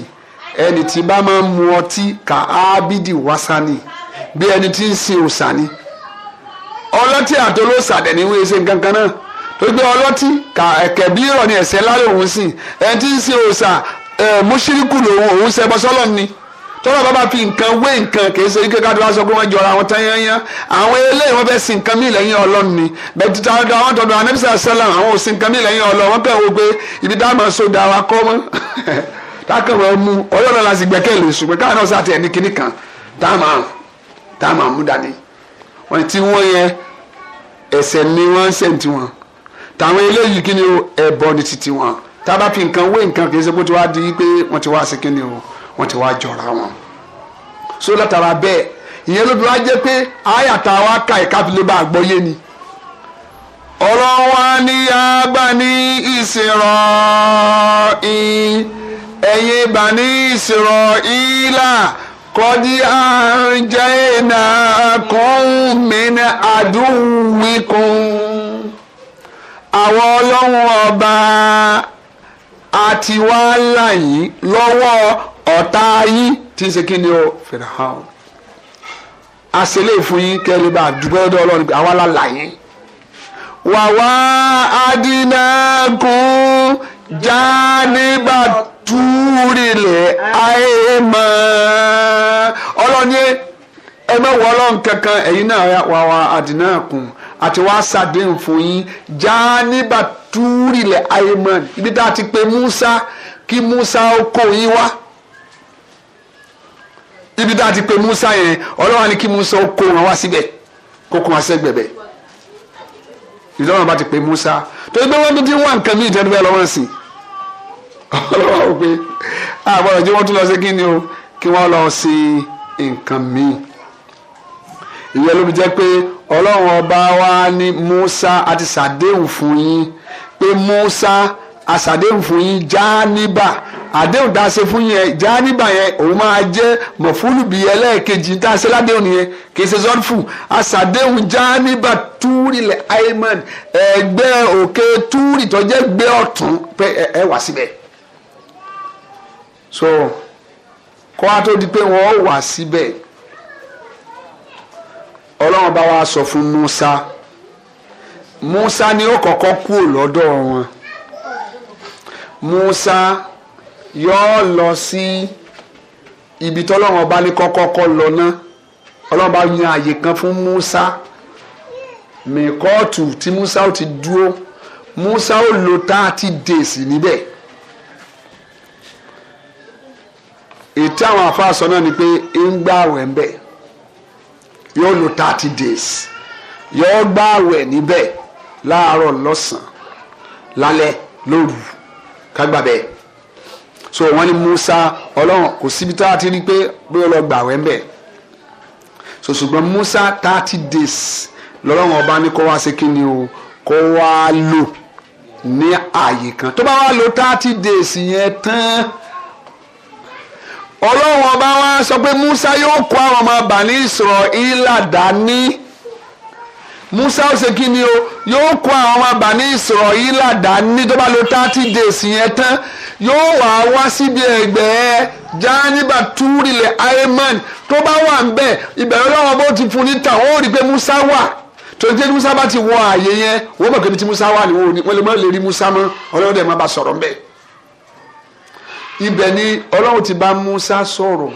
Speaker 2: ẹni tí bá máa ń mu ọtí ká ábídì wásánì bí ẹni tí ń sin òsàní ọlọ́tí àtolósàdẹ̀ ni wọ́n ṣe nǹkan kan náà gbé ọlọ́tí kẹ̀bí rọ̀ ni ẹ̀ṣẹ̀ lára òun sì ẹni tí ń ṣe òòṣà mùṣírìkù lòun òun ṣẹbọ sọ́lọ́ ni tọ́lá bàbá fi nǹkan wé nǹkan kì í ṣe ike ká tó wá sọ pé wọ́n jọra wọn tán yányán àwọn eléyìí wọ́n fẹ́ sin nǹkan mí lẹ́yìn ọlọ́run ni bẹ́ẹ̀ ti àwọn tọ̀dọ̀ anẹ́bísà sẹ́lẹ̀m àwọn ò sin nǹkan mí lẹ́yìn ọlọ́run wọ́n kàn wọ́n pé ibi tá a máa so da kọ́ mọ́ táàkàn wọ́n mú ọlọ́run la sì gbẹ́kẹ̀lé ṣùgbọ́n káà náà sàtẹ̀ ní kinní kan tá a máa mú dání wọ́n ti wọ́n yẹn ẹ̀sẹ̀ ni wọ́n ń sẹ́ǹtì wọn tàwọn eléyìí kí ni o ẹbọ ni titi wọn tába fi nǹkan wé nǹkan kì í ṣe bó ti wá di pé wọ́n ti wá sí kí ni o wọ́n ti wá jọra wọn. so látara bẹ́ẹ̀ ìyẹn ló fi wá jẹ́ pé àyà tá a wá ka ẹ̀ka fi lè bá a gbọ́ yé ni. ọ̀rọ̀ wa ni a gbà ní ìsìnrọ̀ ìyìn ẹ̀yin bà ní ìsìnrọ̀ ìlà kọ́dí àrùn jẹ́ ìnà kan mìíràn àdúwìkún. àwọn ọlọ́run ọba àti wàhálà yìí lọ́wọ́ ọ̀tá tí ń ṣe kí ni o Firaun àṣẹlẹ̀ fún yín kẹ́lẹ́ bá dúpẹ́ lọ́dọ̀ ọlọ́run pé àwa là yín wà wá àti wàá ṣàdéhùn fún yín já nígbà túrìlẹ̀ ayémọ́n ibi tá a ti pe Musa kí Musa ó kó yín wá ibi tá a ti pe Musa yẹn ọlọ́wà ni kí Musa ó kó wọn wá síbẹ̀ kó kó wọn sẹ́gbẹ̀bẹ̀ ìdánwò bá ti pe Musa torí pé wọ́n tún ti wá nǹkan míì tẹ́lifẹ̀ lọ́wọ́ sí ọlọ́wà ó pé àbọ̀rọ̀ jẹ́ wọ́n tún lọ sí kí ni o kí wọ́n lọ sí nǹkan míì ìyẹn ló fi jẹ́ pé ọlọ́run ọba wa ní Musa àti sàdéhùn fún yín pé Musa àsàdéhùn fún yín jáníbà àdéhùn tá a ṣe fún yín jáníbà yẹn òun máa jẹ́ mọ̀fúlù bíi ẹlẹ́ẹ̀kejì tá a ṣe ládéhùn yẹn kì í ṣe zọ́nfù àsàdéhùn jáníbà túrìlẹ̀ aiman ẹgbẹ́ òkè túrì tó gbé ọ̀tún pé ẹ wà síbẹ̀. so kó a tó di pé wọ́n wà síbẹ̀ ọlọ́run bá wa sọ fún Musa Musa ni ó kọ́kọ́ kúrò lọ́dọ̀ wọn Musa yóò lọ sí ibi tọ́lọ́run bá ní kọ́kọ́kọ́ lọ náà ọlọ́run bá yan àyè kan fún Musa mẹ́kọ́ọ̀tù tí Musa ó ti dúró Musa ó lò thirty days níbẹ̀. ètí àwọn àfa sọ náà ni pé ń gbààwẹ̀ ń bẹ̀ yóò lo thirty days yóò gba àwẹ̀ níbẹ̀ láàárọ̀ lọ́sàn-án lálẹ́ lóru kágbà bẹ́ẹ̀ so wọ́n ní Musa ọlọ́run kò síbi tá a ti rí pé bóyá lọ gbà wẹ́ mbẹ́ so ṣùgbọ́n Musa thirty days lọ́lọ́run ọba ní kó wá ṣe kí ni o kó wá lò ní ààyè kan tó bá wá lò thirty days yẹn tán ọlọ́run ọba wa sọ pé Musa yóò kó àwọn ọmọ Bani Israila dání Musa ó ṣe kí ni o yóò kó àwọn ọmọ Bani Israila dání tó bá lò thirty days yẹn tán yóò wá wá síbi ẹgbẹ́ jáníbà túrìlẹ̀ ayémán tó bá wà ń bẹ̀ ìbẹ̀rẹ̀ ọlọ́run bó ti fún níta ó rí i pé Musa wà tonti Musa bá ti wọ ààyè yẹn wọ́n mọ̀ pé ibi tí Musa wà ni wọ́n lè má lè rí Musa mọ́ ọlọ́run dẹ̀ ibẹ̀ ni ọlọ́run ti bá Musa sọ̀rọ̀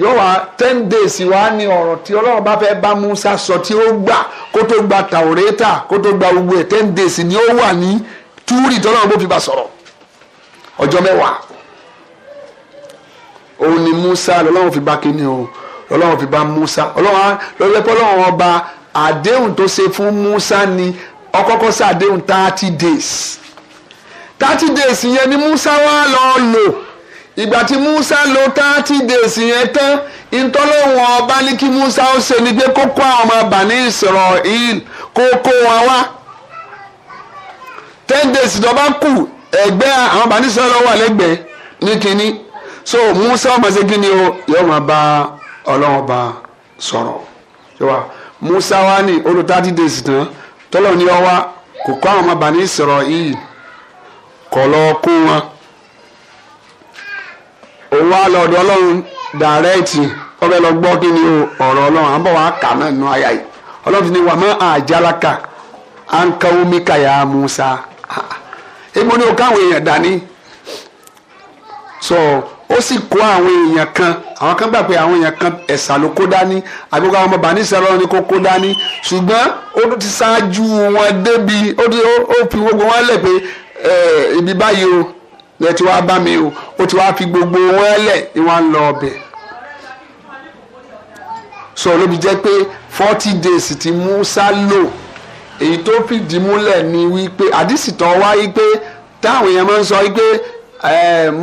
Speaker 2: yóò wá ten days wá ní ọ̀rọ̀ tí ọlọ́run bá fẹ́ bá Musa sọ tí ó gbà kó tó gba tàwórẹ́tà kó tó gba gbogbo ẹ̀ ten days ni ó wà ní túrì tí ọlọ́run bó fi bá sọ̀rọ̀ ọjọ́ mẹ́wàá òun ni Musa lọ́lọ́run fi bá kíni o lọ́lọ́run fi bá Musa ọlọ́run lọ́lẹ́pọ̀ lọ́run ọba àdéhùn tó ṣe fún Musa ni ọkọ́kọ́ ṣàdéhùn thirty days thirty days yẹn ni Musa wá lọ lò ìgbà tí Musa lò thirty days yẹn tán ìtọ́lọ́wọ̀n ọba ní kí Musa ó ṣe ni pé kó kó àwọn ọmọ Bani Israel kó kó wọn wá ten days lọ́ba kù ẹgbẹ́ àwọn Bani Israel wà lẹ́gbẹ̀ẹ́ ní kínní so Musa ọmọ ṣe kí ni o yóò máa bá Ọlọ́run ọba sọ̀rọ̀ yọ̀wá Musa wá ní olú thirty days tán tọ́lọ́ ni ọ wá kò kó àwọn ọmọ Bani Israel yìí. kọ̀ lọ kó wọn òun wá lọ́dọ̀ ọlọ́run dàrẹ́ẹ̀tì ọbẹ̀ lọ gbọ kí ni ọrọ ọlọrun à ń kà náà nù àyà yìí ọlọ́run ti ní wàmọ́ àjálàkà à ń omi kàyà Musa ah, ni o káwọn èèyàn dání sọ ó sì kó àwọn èèyàn kan àwọn kan gbà àwọn èèyàn kan ẹ̀sà ló kó ni kò kó dání ṣùgbọ́n ó ti ṣáájú wọn débi ibi báyìí o lẹ ti wá bá mi o ó ti wá fi gbogbo wọn lẹ̀ ni wọ́n lọ ọbẹ̀ sọ ló fi jẹ́ pé forty days ti Musa lò èyí tó fìdí múlẹ̀ ni wípé àdìsí tó wá wípé táwọn èèyàn máa ń sọ wípé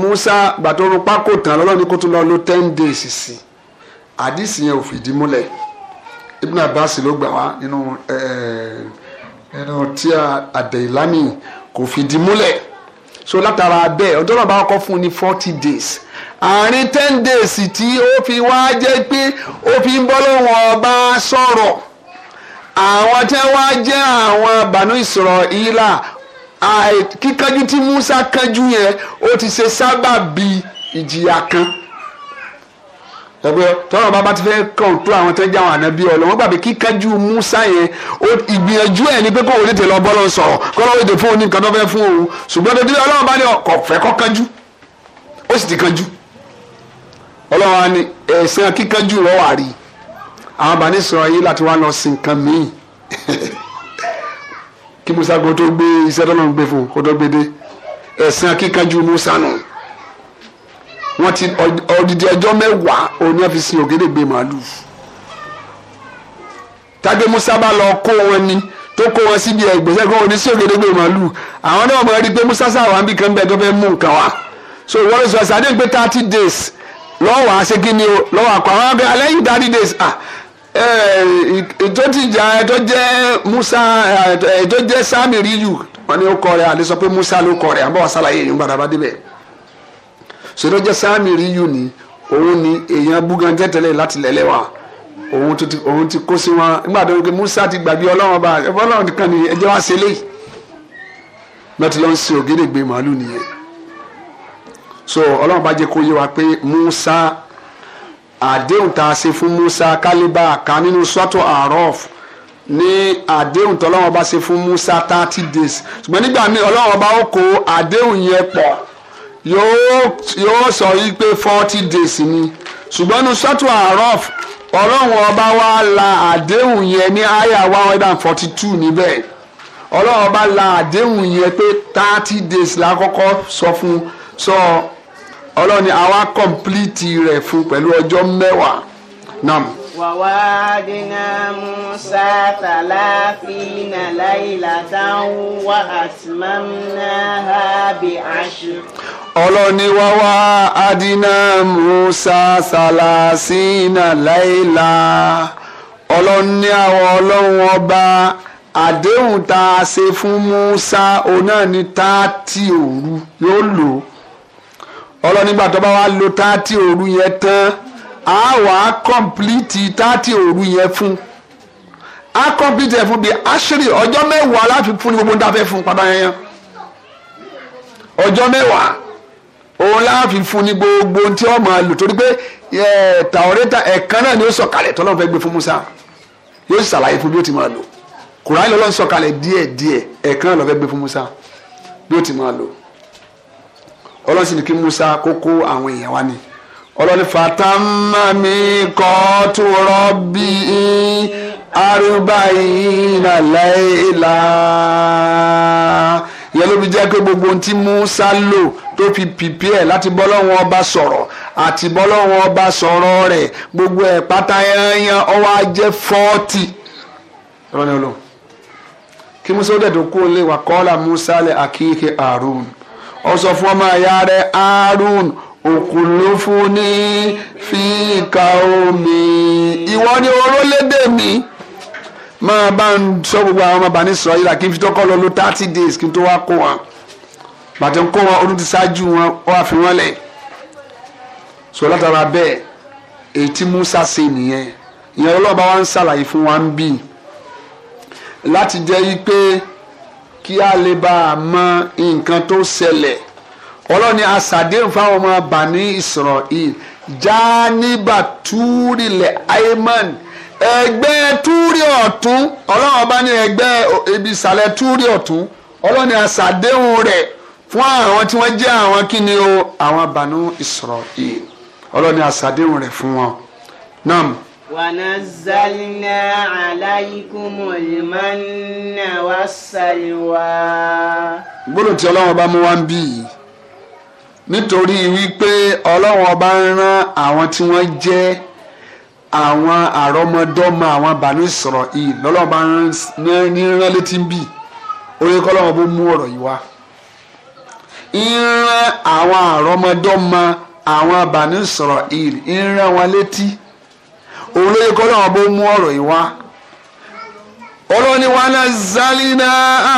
Speaker 2: Musa gbàtọ́run pákó tán lọ́lọ́ni kó tún lọ lò ten days sí àdìsí yẹn ò fìdí múlẹ̀ Ibn Abbas ló gbà wá nínú nínú tí a àdè ìlànà kò fìdí múlẹ̀ so látara bẹ́ẹ̀ ọjọ́ náà bá kọ́ fún ní forty days àárín ten days tí ó fi wá jẹ́ pé ó fi ń bọ́ lọ́wọ́ ọba sọ̀rọ̀ àwọn tí wọ́n jẹ́ àwọn bànú Ísírẹ́lì kíkanjú tí Musa kanjú yẹn ó ti ṣe sábàbí ìjìyà kan tọ́pẹ́ tọ́wọ́ bàbá ti fẹ́ kàn tó àwọn tẹ́jú àwọn ànábí ọ̀lọ́ wọ́n gbàgbé kíkájú Musa yẹn ìgbìyànjú ẹ̀ ni pé kó o lè tè lọ bọ́ lọ sọ̀rọ̀ kó lọ́wọ́ ètò fún òun ní nǹkan tó fẹ́ fún òun ṣùgbọ́n tó dúró ọlọ́run bá ní ọkọ̀ fẹ́ kọ́ kánjú ó sì ti kánjú ọlọ́run á ní ẹ̀sìn kíkánjú rọ wà rí àwọn bàní sọ̀rọ̀ yìí láti wá lọ sin nǹkan míì kí Musa kó tó gbé iṣẹ́ tó lọ́ wọ́n ti odidi ọjọ́ mẹ́wàá òun ni wọ́n fi sin ògédègbè màálù tàbí musa bá lọ kó wọn ni tó kó wọn síbi ẹgbẹ́sẹ̀ kó wọn ní sí ògédègbè màálù àwọn náà mọ̀ rí i pé musa sáwọn bí kan bẹ́ẹ̀ tó fẹ́ mú nǹkan wá so wọ́n sọ ẹ̀sẹ̀ àdéhùn pé thirty days lọ́wọ́ àṣekínni o lọ́wọ́ àkọ́ àwọn abẹ́ alẹ́ yìí thirty days ah ètò tìjà ètò jẹ́ musa ètò jẹ́ sámìrì yù wọ́n ní ó kọ rẹ̀ àlẹ́ sọ pé musa ló kọ rẹ̀ àbọ̀ wà sálàyé yìí ń débẹ̀ sọdọ́jẹ́ sáàmì rí yù ní òun ni èèyàn búgangẹ́ tẹ́lẹ̀ láti lẹ́lẹ́ wa òun ti òun ti kó sí wọn nígbà tó ké Musa ti gbàgbé ọlọ́run bá ẹ̀fọ́ ọlọ́run nìkan ni ẹjẹ́ wá sí eléyìí náà ti lọ ń sin ògédègbè màálù nìyẹn so ọlọ́run bá jẹ́ kó yé wa pé Musa àdéhùn tá a ṣe fún Musa kálíbà kan nínú sọ́tò àrọ́ọ̀fù ní àdéhùn tọ́lọ́wọ́n bá ṣe fún Musa thirty days ṣùgbọ́n nígbà míì ọlọ́wọ́n bá ó kó àdéhùn yẹn pọ̀ yóò sọ yìí pé forty days ni ṣùgbọ́n ní sọ́tù àrọ́f ọlọ́run ọba wa la àdéhùn yẹn ní àyà one hundred and forty two níbẹ̀ ọlọ́run ọba la àdéhùn yẹn pé thirty days la kọ́kọ́ sọ fún sọ ọlọ́run ni àwa complete rẹ̀ fún pẹ̀lú ọjọ́ mẹ́wàá náà.
Speaker 1: ووعدنا موسى ثلاثين ليلة وأتممناها بعشر
Speaker 2: ọlọ́ni wáwá adina musa salasina laila ọlọ́ni àwọn ọlọ́run ọba àdéhùn tá a ṣe fún musa ọ̀nà ní táàtì òru yóò lò ọlọ́ni gbàtọ́ bá wa lo táàtì òru yẹn tán a wà á kọ́mplìtì tààtì òru yẹn fún a kọ́mplìtì ẹ̀ fún bíi aṣírí ọjọ́ mẹ́wàá láti fún ní gbogbo ní tàfẹ́ fún padà yẹn ọjọ́ mẹ́wàá òun láàfin fún ní gbogbo tí wọ́n máa lò torí pé tàwọ́rẹ́ta ẹ̀kan náà ni ó sọ̀kalẹ̀ tọ́lọ́ fẹ́ gbé fún Musa yóò ṣàlàyé fún bí ó ti máa lò Kùránì lọ́lọ́ sọ̀kalẹ̀ díẹ̀ díẹ̀ ẹ̀kan náà lọ́ fẹ́ gbé fún Musa bí ó ti máa lò ọlọ́sìn ni kí Musa kó kó àwọn èèyàn wá ni ọlọ́ni fatamami kọ́ọ̀tù rọ́bì arúbáyìnà láìlá yẹn ló fi jẹ́ pé gbogbo ohun tí Musa lò tó fi pìpì ẹ̀ láti bọ́ lọ́wọ́ ọba sọ̀rọ̀ àti bọ́ lọ́wọ́ ọba sọ̀rọ̀ rẹ̀ gbogbo ẹ̀ pátá yanyan ọwọ́ ajẹ́ fọ́ọ̀tì ọlọ́ni olóhùn kí Musa ó dẹ̀ kó lè wà kọ́ọ́lá Musa lẹ̀ àkíyèké Harun ó fún ọmọ ẹ̀yà rẹ̀ Harun òkùnlófún ní fíkà omi ìwọ ni orólédè mi máa bá ń sọ gbogbo àwọn ọmọ bani sọ yìí kí n fi tọ́kọ́ lọ lo thirty days kí n tó wá kó wọn bàtẹ́ ń kó wọn ọdún ṣáájú wọn ó wá fi wọn lẹ̀ sọ látara bẹ́ẹ̀ èyí tí Musa ṣe nìyẹn ìyẹn ọlọ́ọ̀bá wa ń ṣàlàyé fún wa ń bì láti jẹ́ yí pé kí a lè bá a mọ nǹkan tó ṣẹlẹ̀ ọlọ́ni asàdéhùn fáwọn ọmọ bani israel jáníbà túrì lẹ̀ ayman ẹgbẹ́ túrì ọ̀tún ọlọ́run bá ní ẹgbẹ́ ibi ìsàlẹ̀ túrì ọ̀tún ọlọ́ni asàdéhùn rẹ̀ fún àwọn tí wọ́n jẹ́ àwọn kíni o àwọn bani israel ọlọ́ni asàdéhùn rẹ̀ fún wọn náà.
Speaker 1: ونزلنا عليكم المن والسلوى.
Speaker 2: gbọ́dọ̀ tí ọlọ́run bá mú wá ń bí yìí nítorí wípé ọlọ́run ọba ń rán àwọn tí wọ́n jẹ́ àwọn àrọ́mọdọ́mọ àwọn Banu Israil lọ́lọ́run bá ń rán létí ń bì orí kọ́lọ́run bó mú ọ̀rọ̀ yìí wá ń rán àwọn àrọ́mọdọ́mọ àwọn Banu Israil ń wọn létí orí kọ́lọ́run bó mú ọ̀rọ̀ yìí wá olóni wàhálà zálínà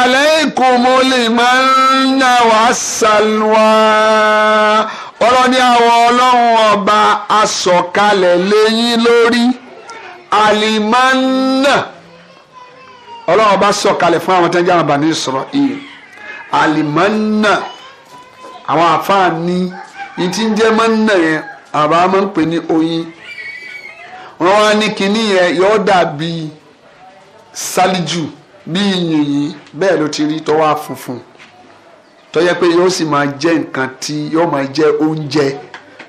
Speaker 2: aláìkùmọ́lẹ̀ máa ń nà wá sàlùwà olóni àwọn ọlọ́run ọba asọ̀kalẹ̀ lẹ́yìn lórí alimanna ọlọ́run ọba sọ̀kalẹ̀ fún àwọn tẹ́jà àbá ní sọ̀rọ̀ ìyẹn alimanna àwọn àfáàní ìtí ń jẹ́ manna yẹn àbá máa ń pè ní oyin wọ́n wá ní kinní yẹn yọ̀ọ́ dàbí sálíjù bí yìnyín bẹ́ẹ̀ ló ti rí tọ́wá funfun tó yẹ pé yóò sì máa jẹ́ nǹkan tí yóò máa jẹ́ oúnjẹ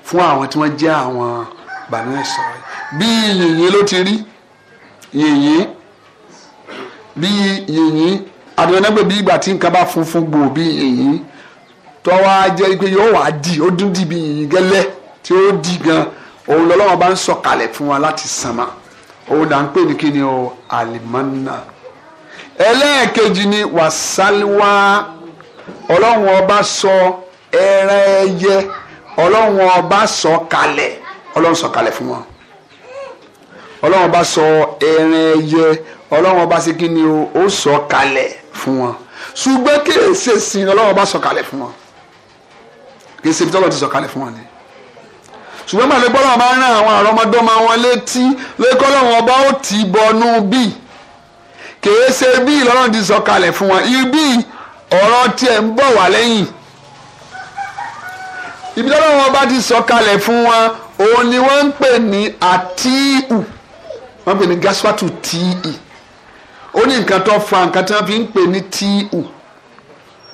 Speaker 2: fún àwọn tí wọ́n jẹ́ àwọn bàánú sọ̀rọ̀ bí yìnyín ló ti rí yìnyín bí yìnyín àdìrẹ́nẹ́gbẹ̀ bí ìgbà tí nǹkan bá funfun gbòò bí yìnyín tọ́wá jẹ́ pé yóò wá dì ó dún dì bí yìnyín gẹ́lẹ́ tí ó dì gan òun lọ́lọ́wọ́ bá ń sọ̀kalẹ̀ fún wa láti sánmà òun là ń pè ní kíni o alimanna ẹlẹ́ẹ̀kejì ni wàsálíwá ọlọ́run ọba sọ ẹran ẹyẹ ọlọ́run ọba sọ kalẹ̀ ọlọ́run sọ kalẹ̀ fún wọn ọlọ́run ọba sọ ẹran ẹyẹ ọlọ́run ọba sí kíni o ó sọ kalẹ̀ fún wọn ṣùgbọ́n kí èsì sí ọlọ́run ọba sọ kalẹ̀ fún wọn kí èsì ibi tọ́lọ́ ti sọ kalẹ̀ fún wọn ni ṣùgbọ́n màdé gbọ́dọ̀ máa ń rán àwọn àrọ́mọdọ́mọ wọn létí lẹ́kọ́ lọ́wọ́ ọba ó ti bọnú bí kèé ṣe bí ìlọ́run ti sọ kalẹ̀ fún wọn ibi ọ̀rọ̀ tiẹ̀ ń bọ̀ wá lẹ́yìn ibi tọ́lọ́wọ́ ọba ti sọ kalẹ̀ fún wọn òun ni wọ́n ń pè ní àtíù wọ́n pè ní gaswatu tíì ó ní nǹkan tó fa nǹkan tí wọ́n fi ń pè ní tíù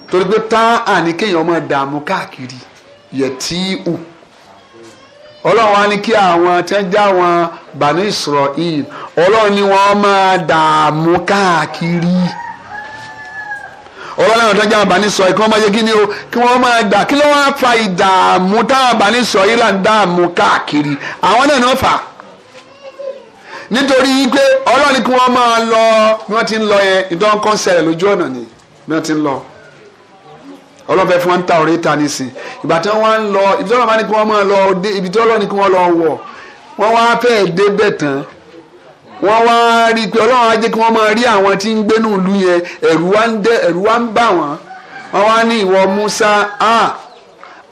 Speaker 2: torí pé tá àní kéèyàn máa káàkiri yẹ tíù ọlọ́run wa ní kí àwọn tí wọ́n já wọn bàní Israel ọlọ́run ni wọ́n máa dààmú káàkiri ọlọ́run náà tó já wọn bàní Israel kí wọ́n máa yẹ kí ni o kí wọ́n máa dà kí ló wá fa ìdààmú táwọn bàní Israel là ń dààmú káàkiri àwọn náà náà fà nítorí pé ọlọ́run ni kí wọ́n máa lọ bí wọ́n ti ń lọ yẹn ìdán kọ́ńsẹ̀lẹ̀ lójú ọ̀nà ni bí wọ́n ti ń lọ ọlọ́fẹ́ fún wọn ń ta ọ̀rẹ́ ta nísìn ìgbà tí wọ́n ń lọ ibi tí ọlọ́run bá ní kí wọ́n máa lọ ibi tí ọlọ́run kí wọ́n lọ wọ̀ wọ́n wá fẹ́ẹ́ débẹ̀ tán wọ́n wá rí i pé ọlọ́run á jẹ́ kí wọ́n máa rí àwọn tí ń gbénú ìlú yẹn ẹ̀rù wá ń dẹ ẹ̀rù wá ń bà wọ́n wọ́n wá ní ìwọ Musa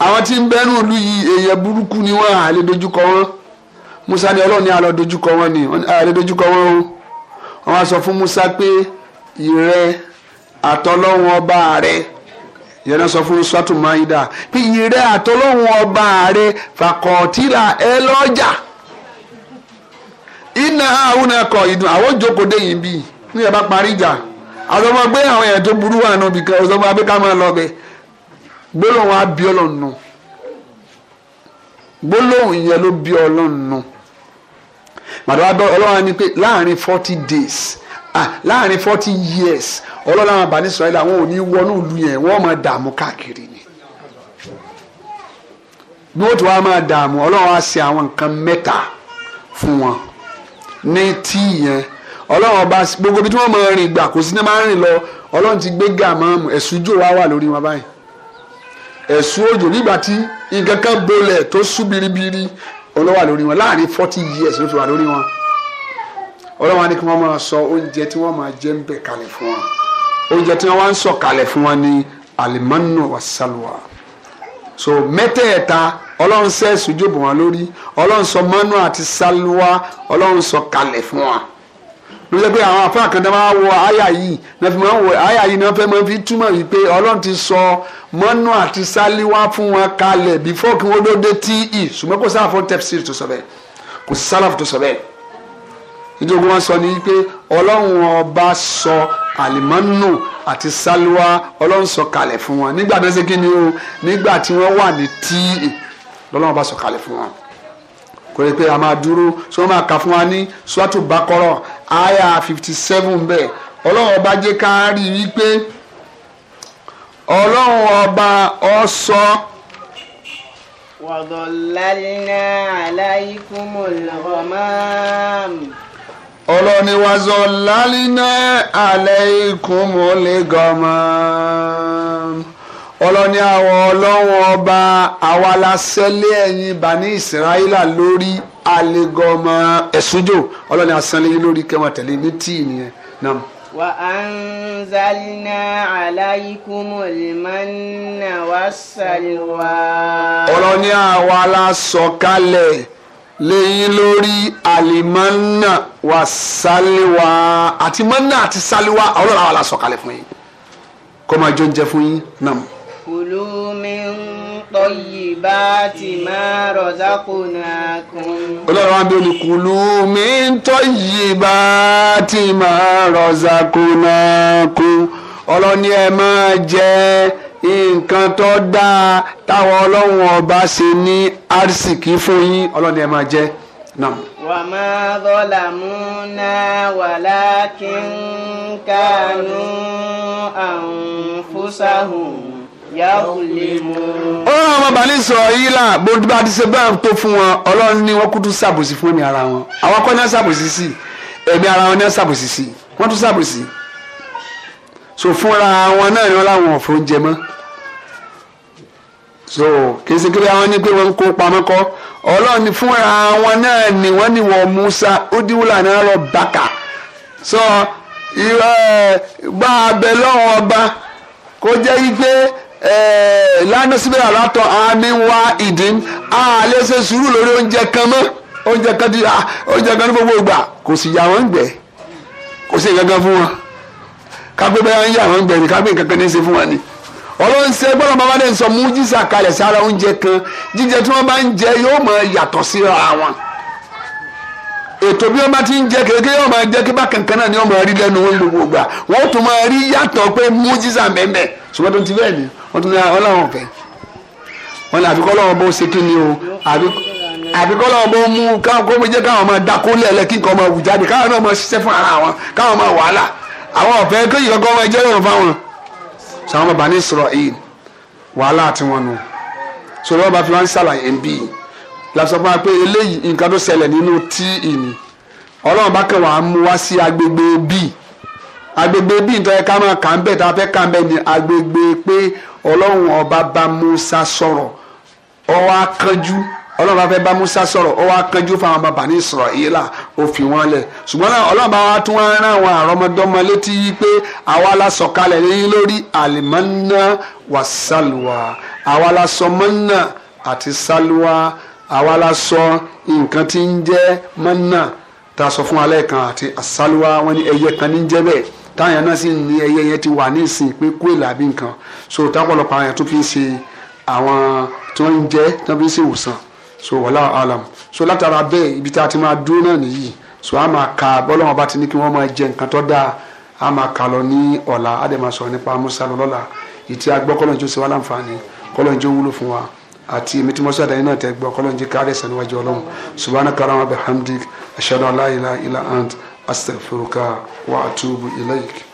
Speaker 2: àwọn tí ń gbénú ìlú yìí èèyàn burúkú ni wọ́n àlè dojúkọ wọn Musa ni ọlọ́run ní àlọ́ dojúkọ wọn ni àlè dojúkọ wọn o wọ́n wá sọ fún Musa pé ìrẹ àtọlọ́wọ́n ọba rẹ̀ yẹn náà sọ fún swatu maida pé ìrẹ àtọlọ́hún ọba rẹ fàkọ̀tìlà ẹ lọ́jà iná àwọn ẹ̀kọ́ ìdùn àwọn jókòó dé yìí bí ní ẹ bá parí ìjà àwọn ọmọ gbé àwọn èèyàn tó burú wà náà bìkan ọ̀sán máa bí ká máa lọ bẹ gbólóhùn á bí ọlọ́run nù gbólóhùn yẹn ló bí ọlọ́run nù màdàbà ọlọ́run á ní pé láàrin forty days Ah, láàrin forty years ọlọ́run àwọn àbáni Israẹli àwọn ò ní wọnú ìlú yẹn wọ́n máa dààmú káàkiri ni bí wọ́n ti wá máa dààmú ọlọ́run á ṣe àwọn nǹkan mẹ́ta fún wọn ní tí yẹn ọlọ́run ọba gbogbo ibi tí wọ́n máa rìn gbà kò sí ní máa rìn lọ ọlọ́run ti gbé gàmáàmù ẹ̀sùn jò wá wà lórí wọn báyìí ẹ̀sùn òjò nígbà tí nǹkan kan bolẹ̀ tó sú biribiri ọlọ́wà lórí wọn láàrin forty years ló fi wà lórí wọn ọlọ́wọ́n á ní kí wọ́n máa sọ oúnjẹ tí wọ́n máa jẹ ń bẹ̀ kalẹ̀ fún wọn oúnjẹ tí wọ́n wá ń sọ kalẹ̀ fún wọn ní alimannu wasalwa so mẹ́tẹ̀ẹ̀ta ọlọ́run sẹ́ sùjúbù wọn lórí ọlọ́run sọ manu àti salwa ọlọ́run sọ kalẹ̀ fún wọn ló jẹ́ pé àwọn afáà kan tó máa wọ àyà yìí náà fi máa wọ àyà yìí náà fẹ́ máa fi túmọ̀ wípé ọlọ́run ti sọ mọ́nú àti sáliwá fún wọn kalẹ̀ bífọ́ kí wọ́n ló dé tí ì e. ṣùgbọ́n kò sáà fún tẹ́fsìrì tó sọ kò sálàfù tó nítorí wọn sọ ní pé ọlọ́run ọba sọ àlìmọ́nù àti sálúwá ọlọ́run sọ kalẹ̀ fún wọn nígbà tó ṣe kí ni o nígbà tí wọ́n wà ní tíì lọ́lọ́run ọba sọ kalẹ̀ fún wọn kò lè pé a máa dúró sọ wọn máa kà fún wa ní swatu bakọrọ aya fifty seven bẹ́ẹ̀ ọlọ́run ọba jẹ́ ká rí i wípé ọlọ́run ọba ọ sọ.
Speaker 1: وظللنا عليكم الغمام ọlọ́ni
Speaker 2: wa zọ lálínà alẹ́ ikùn mọ́lẹ́ gan-an ọlọ́ni àwọn ọlọ́wọ́n ọba àwa la ṣẹlẹ̀ ẹ̀yìn bani ìsìráyílà lórí alẹ́gọ́mọ ẹ̀sùnjò ọlọ́ni asẹ́lẹ̀ lórí kẹwọn tẹ̀lé ní tíì nìyẹn náà.
Speaker 1: وأنزلنا عليكم المن والسلوى. ọlọ́ni àwa la
Speaker 2: sọ̀kalẹ̀. So lẹ́yìn lórí alimọ́nà wà sálíwá àti mọ́nà àti sálíwá àwọn ọ̀rọ̀ àwọn aláṣọkalẹ̀ fún yín kó máa jọ oúnjẹ fún yín náà.
Speaker 1: kulu min tayyibati ma razaqnakum.
Speaker 2: olórí wa ń bẹ̀rù kulu min tayyibati ma razaqnakum ọlọ́ni ẹ máa jẹ́ nǹkan tó dáa táwọn ọlọ́run ọba ṣe ní arsìkí fún yín ọlọ́run ẹ máa jẹ náà.
Speaker 1: wà á máa dọ́là mú náà walakin kanu anfusahum ya'lamun. ó rán àwọn bàbá ní
Speaker 2: sọ̀rọ̀ yìí là bó bá ti ṣe báyà tó fún wọn ọlọ́run ni wọ́n kú tún ṣàbòsí fún ẹ̀mí ara wọn àwọn akọ́ni á ṣàbòsí sí ẹ̀mí ara wọn ni á ṣàbòsí sí wọ́n tún ṣàbòsí sí so fúnra wọn náà ni wọn láwọn ọ̀fọ̀ oúnjẹ mọ́ so kìsì kiri àwọn ní pé wọn kó pamọ́ kọ́ ọlọ́run ni fúnra wọn náà ni wọ́n ní wọ́n Musa ó díwúlà náà lọ bàkà so ìwé gba abẹ lọ́wọ́ ọba kó jẹ́ wípé lánàá síbẹ̀ àlátọ̀ àmì wá ìdín àlẹ́ ṣe sùúrù lórí oúnjẹ kan mọ́ oúnjẹ kan ti oúnjẹ kan ní gbogbo ìgbà kò sì yà wọ́n gbẹ kò sì gangan fún wọn kágbé bẹ́ẹ̀ ń yà wọ́n gbẹ̀rù kágbé nǹkan kan ní í ṣe fún wa ni ọlọ́run ṣe gbọ́dọ̀ bàbá dẹ̀ ń sọ mújísà kalẹ̀ sára oúnjẹ kan jíjẹ tí wọ́n bá ń jẹ yóò máa yàtọ̀ síra wọn ètò bí wọ́n bá ti ń jẹ kékeré yóò máa jẹ kí bákan náà ni wọ́n máa rí lẹ́nu wọn ló gbogbo wọn tún máa rí yàtọ̀ pé mújísà mẹ́mẹ́ ṣùgbọ́n ti bẹ́ẹ̀ ni wọ́n tún ní ọlọ́run fẹ́ wọn ni àfikọ́ ọlọ́run bó ṣe kí ni o àfikọ́ ọlọ́run bó mú kó jẹ́ káwọn máa dákó lẹ́lẹ́ kí nǹkan máa wù jáde káwọn náà máa ṣiṣẹ́ fún ara wọn káwọn máa wàhálà àwọn ọ̀fẹ́ kéjì kankan wọn ẹjẹ́ rọrùn fáwọn sàwọn bàbá ní Israel wàhálà àti wọn nù sọlá wọn fi wọn ṣàlàyé ń bí wa pé eléyìí nǹkan tó ṣẹlẹ̀ nínú tíì ni ọlọ́run bá kẹwàá á mú wá sí agbègbè bíi agbègbè bíi nítorí ká máa kà ń bẹ̀ tá a fẹ́ kà ń bẹ̀ ni agbègbè pé ọlọ́run ọba bá Musa sọ̀rọ̀ ó wá ọlọ́run bá fẹ́ bá musa sọ̀rọ̀ ó wá kánjú fáwọn bàbá ní Ísírẹ́lì ó fi wọ́n lẹ̀ ṣùgbọ́n náà ọlọ́run bá wá tún wá rán àwọn àrọ́mọdọ́mọ létí yìí pé àwa la sọ̀kalẹ̀ lẹ́yìn lórí àlìmọ́nà wà sálùwà àwa la sọ mọ́nà àti sálùwà àwa la sọ nǹkan tí ń jẹ́ mọ́nà tá a sọ fún alẹ́ kan àti sálùwà wọ́n ní ẹyẹ kan ní jẹ́ bẹ́ẹ̀ táyà náà sì ní ẹyẹ yẹn ti wà ní ìsìn pé kúèlà so tápọ̀lọpọ̀ àwọn yẹn tó fi ń ṣe àwọn tí wọ́n ń jẹ́ tí wọ́n fi ń ṣe ìwòsàn so wallahu alam so látara bẹ́ẹ̀ ibi tá a ti máa dúró náà nìyí so a máa ka bọ́lọ́wọ́n bá ti ní kí wọ́n máa jẹ nǹkan tó dáa a máa kà lọ ní ọ̀la a dẹ̀ máa sọ̀rọ̀ nípa musa lọ lọ́la ìtì agbọ́ kọ́lọ́njọ́ ṣe wá láǹfààní kọ́lọ́njọ́ wúlò fún wa àti èmi tí mo sọ àdáyé náà tẹ gbọ́ kọ́lọ́njọ́ káàdé sani wájú ọlọ́run subhanaka wa bihamdik ashhadu an la ilaha illa ant astaghfiruka wa atubu ilayk.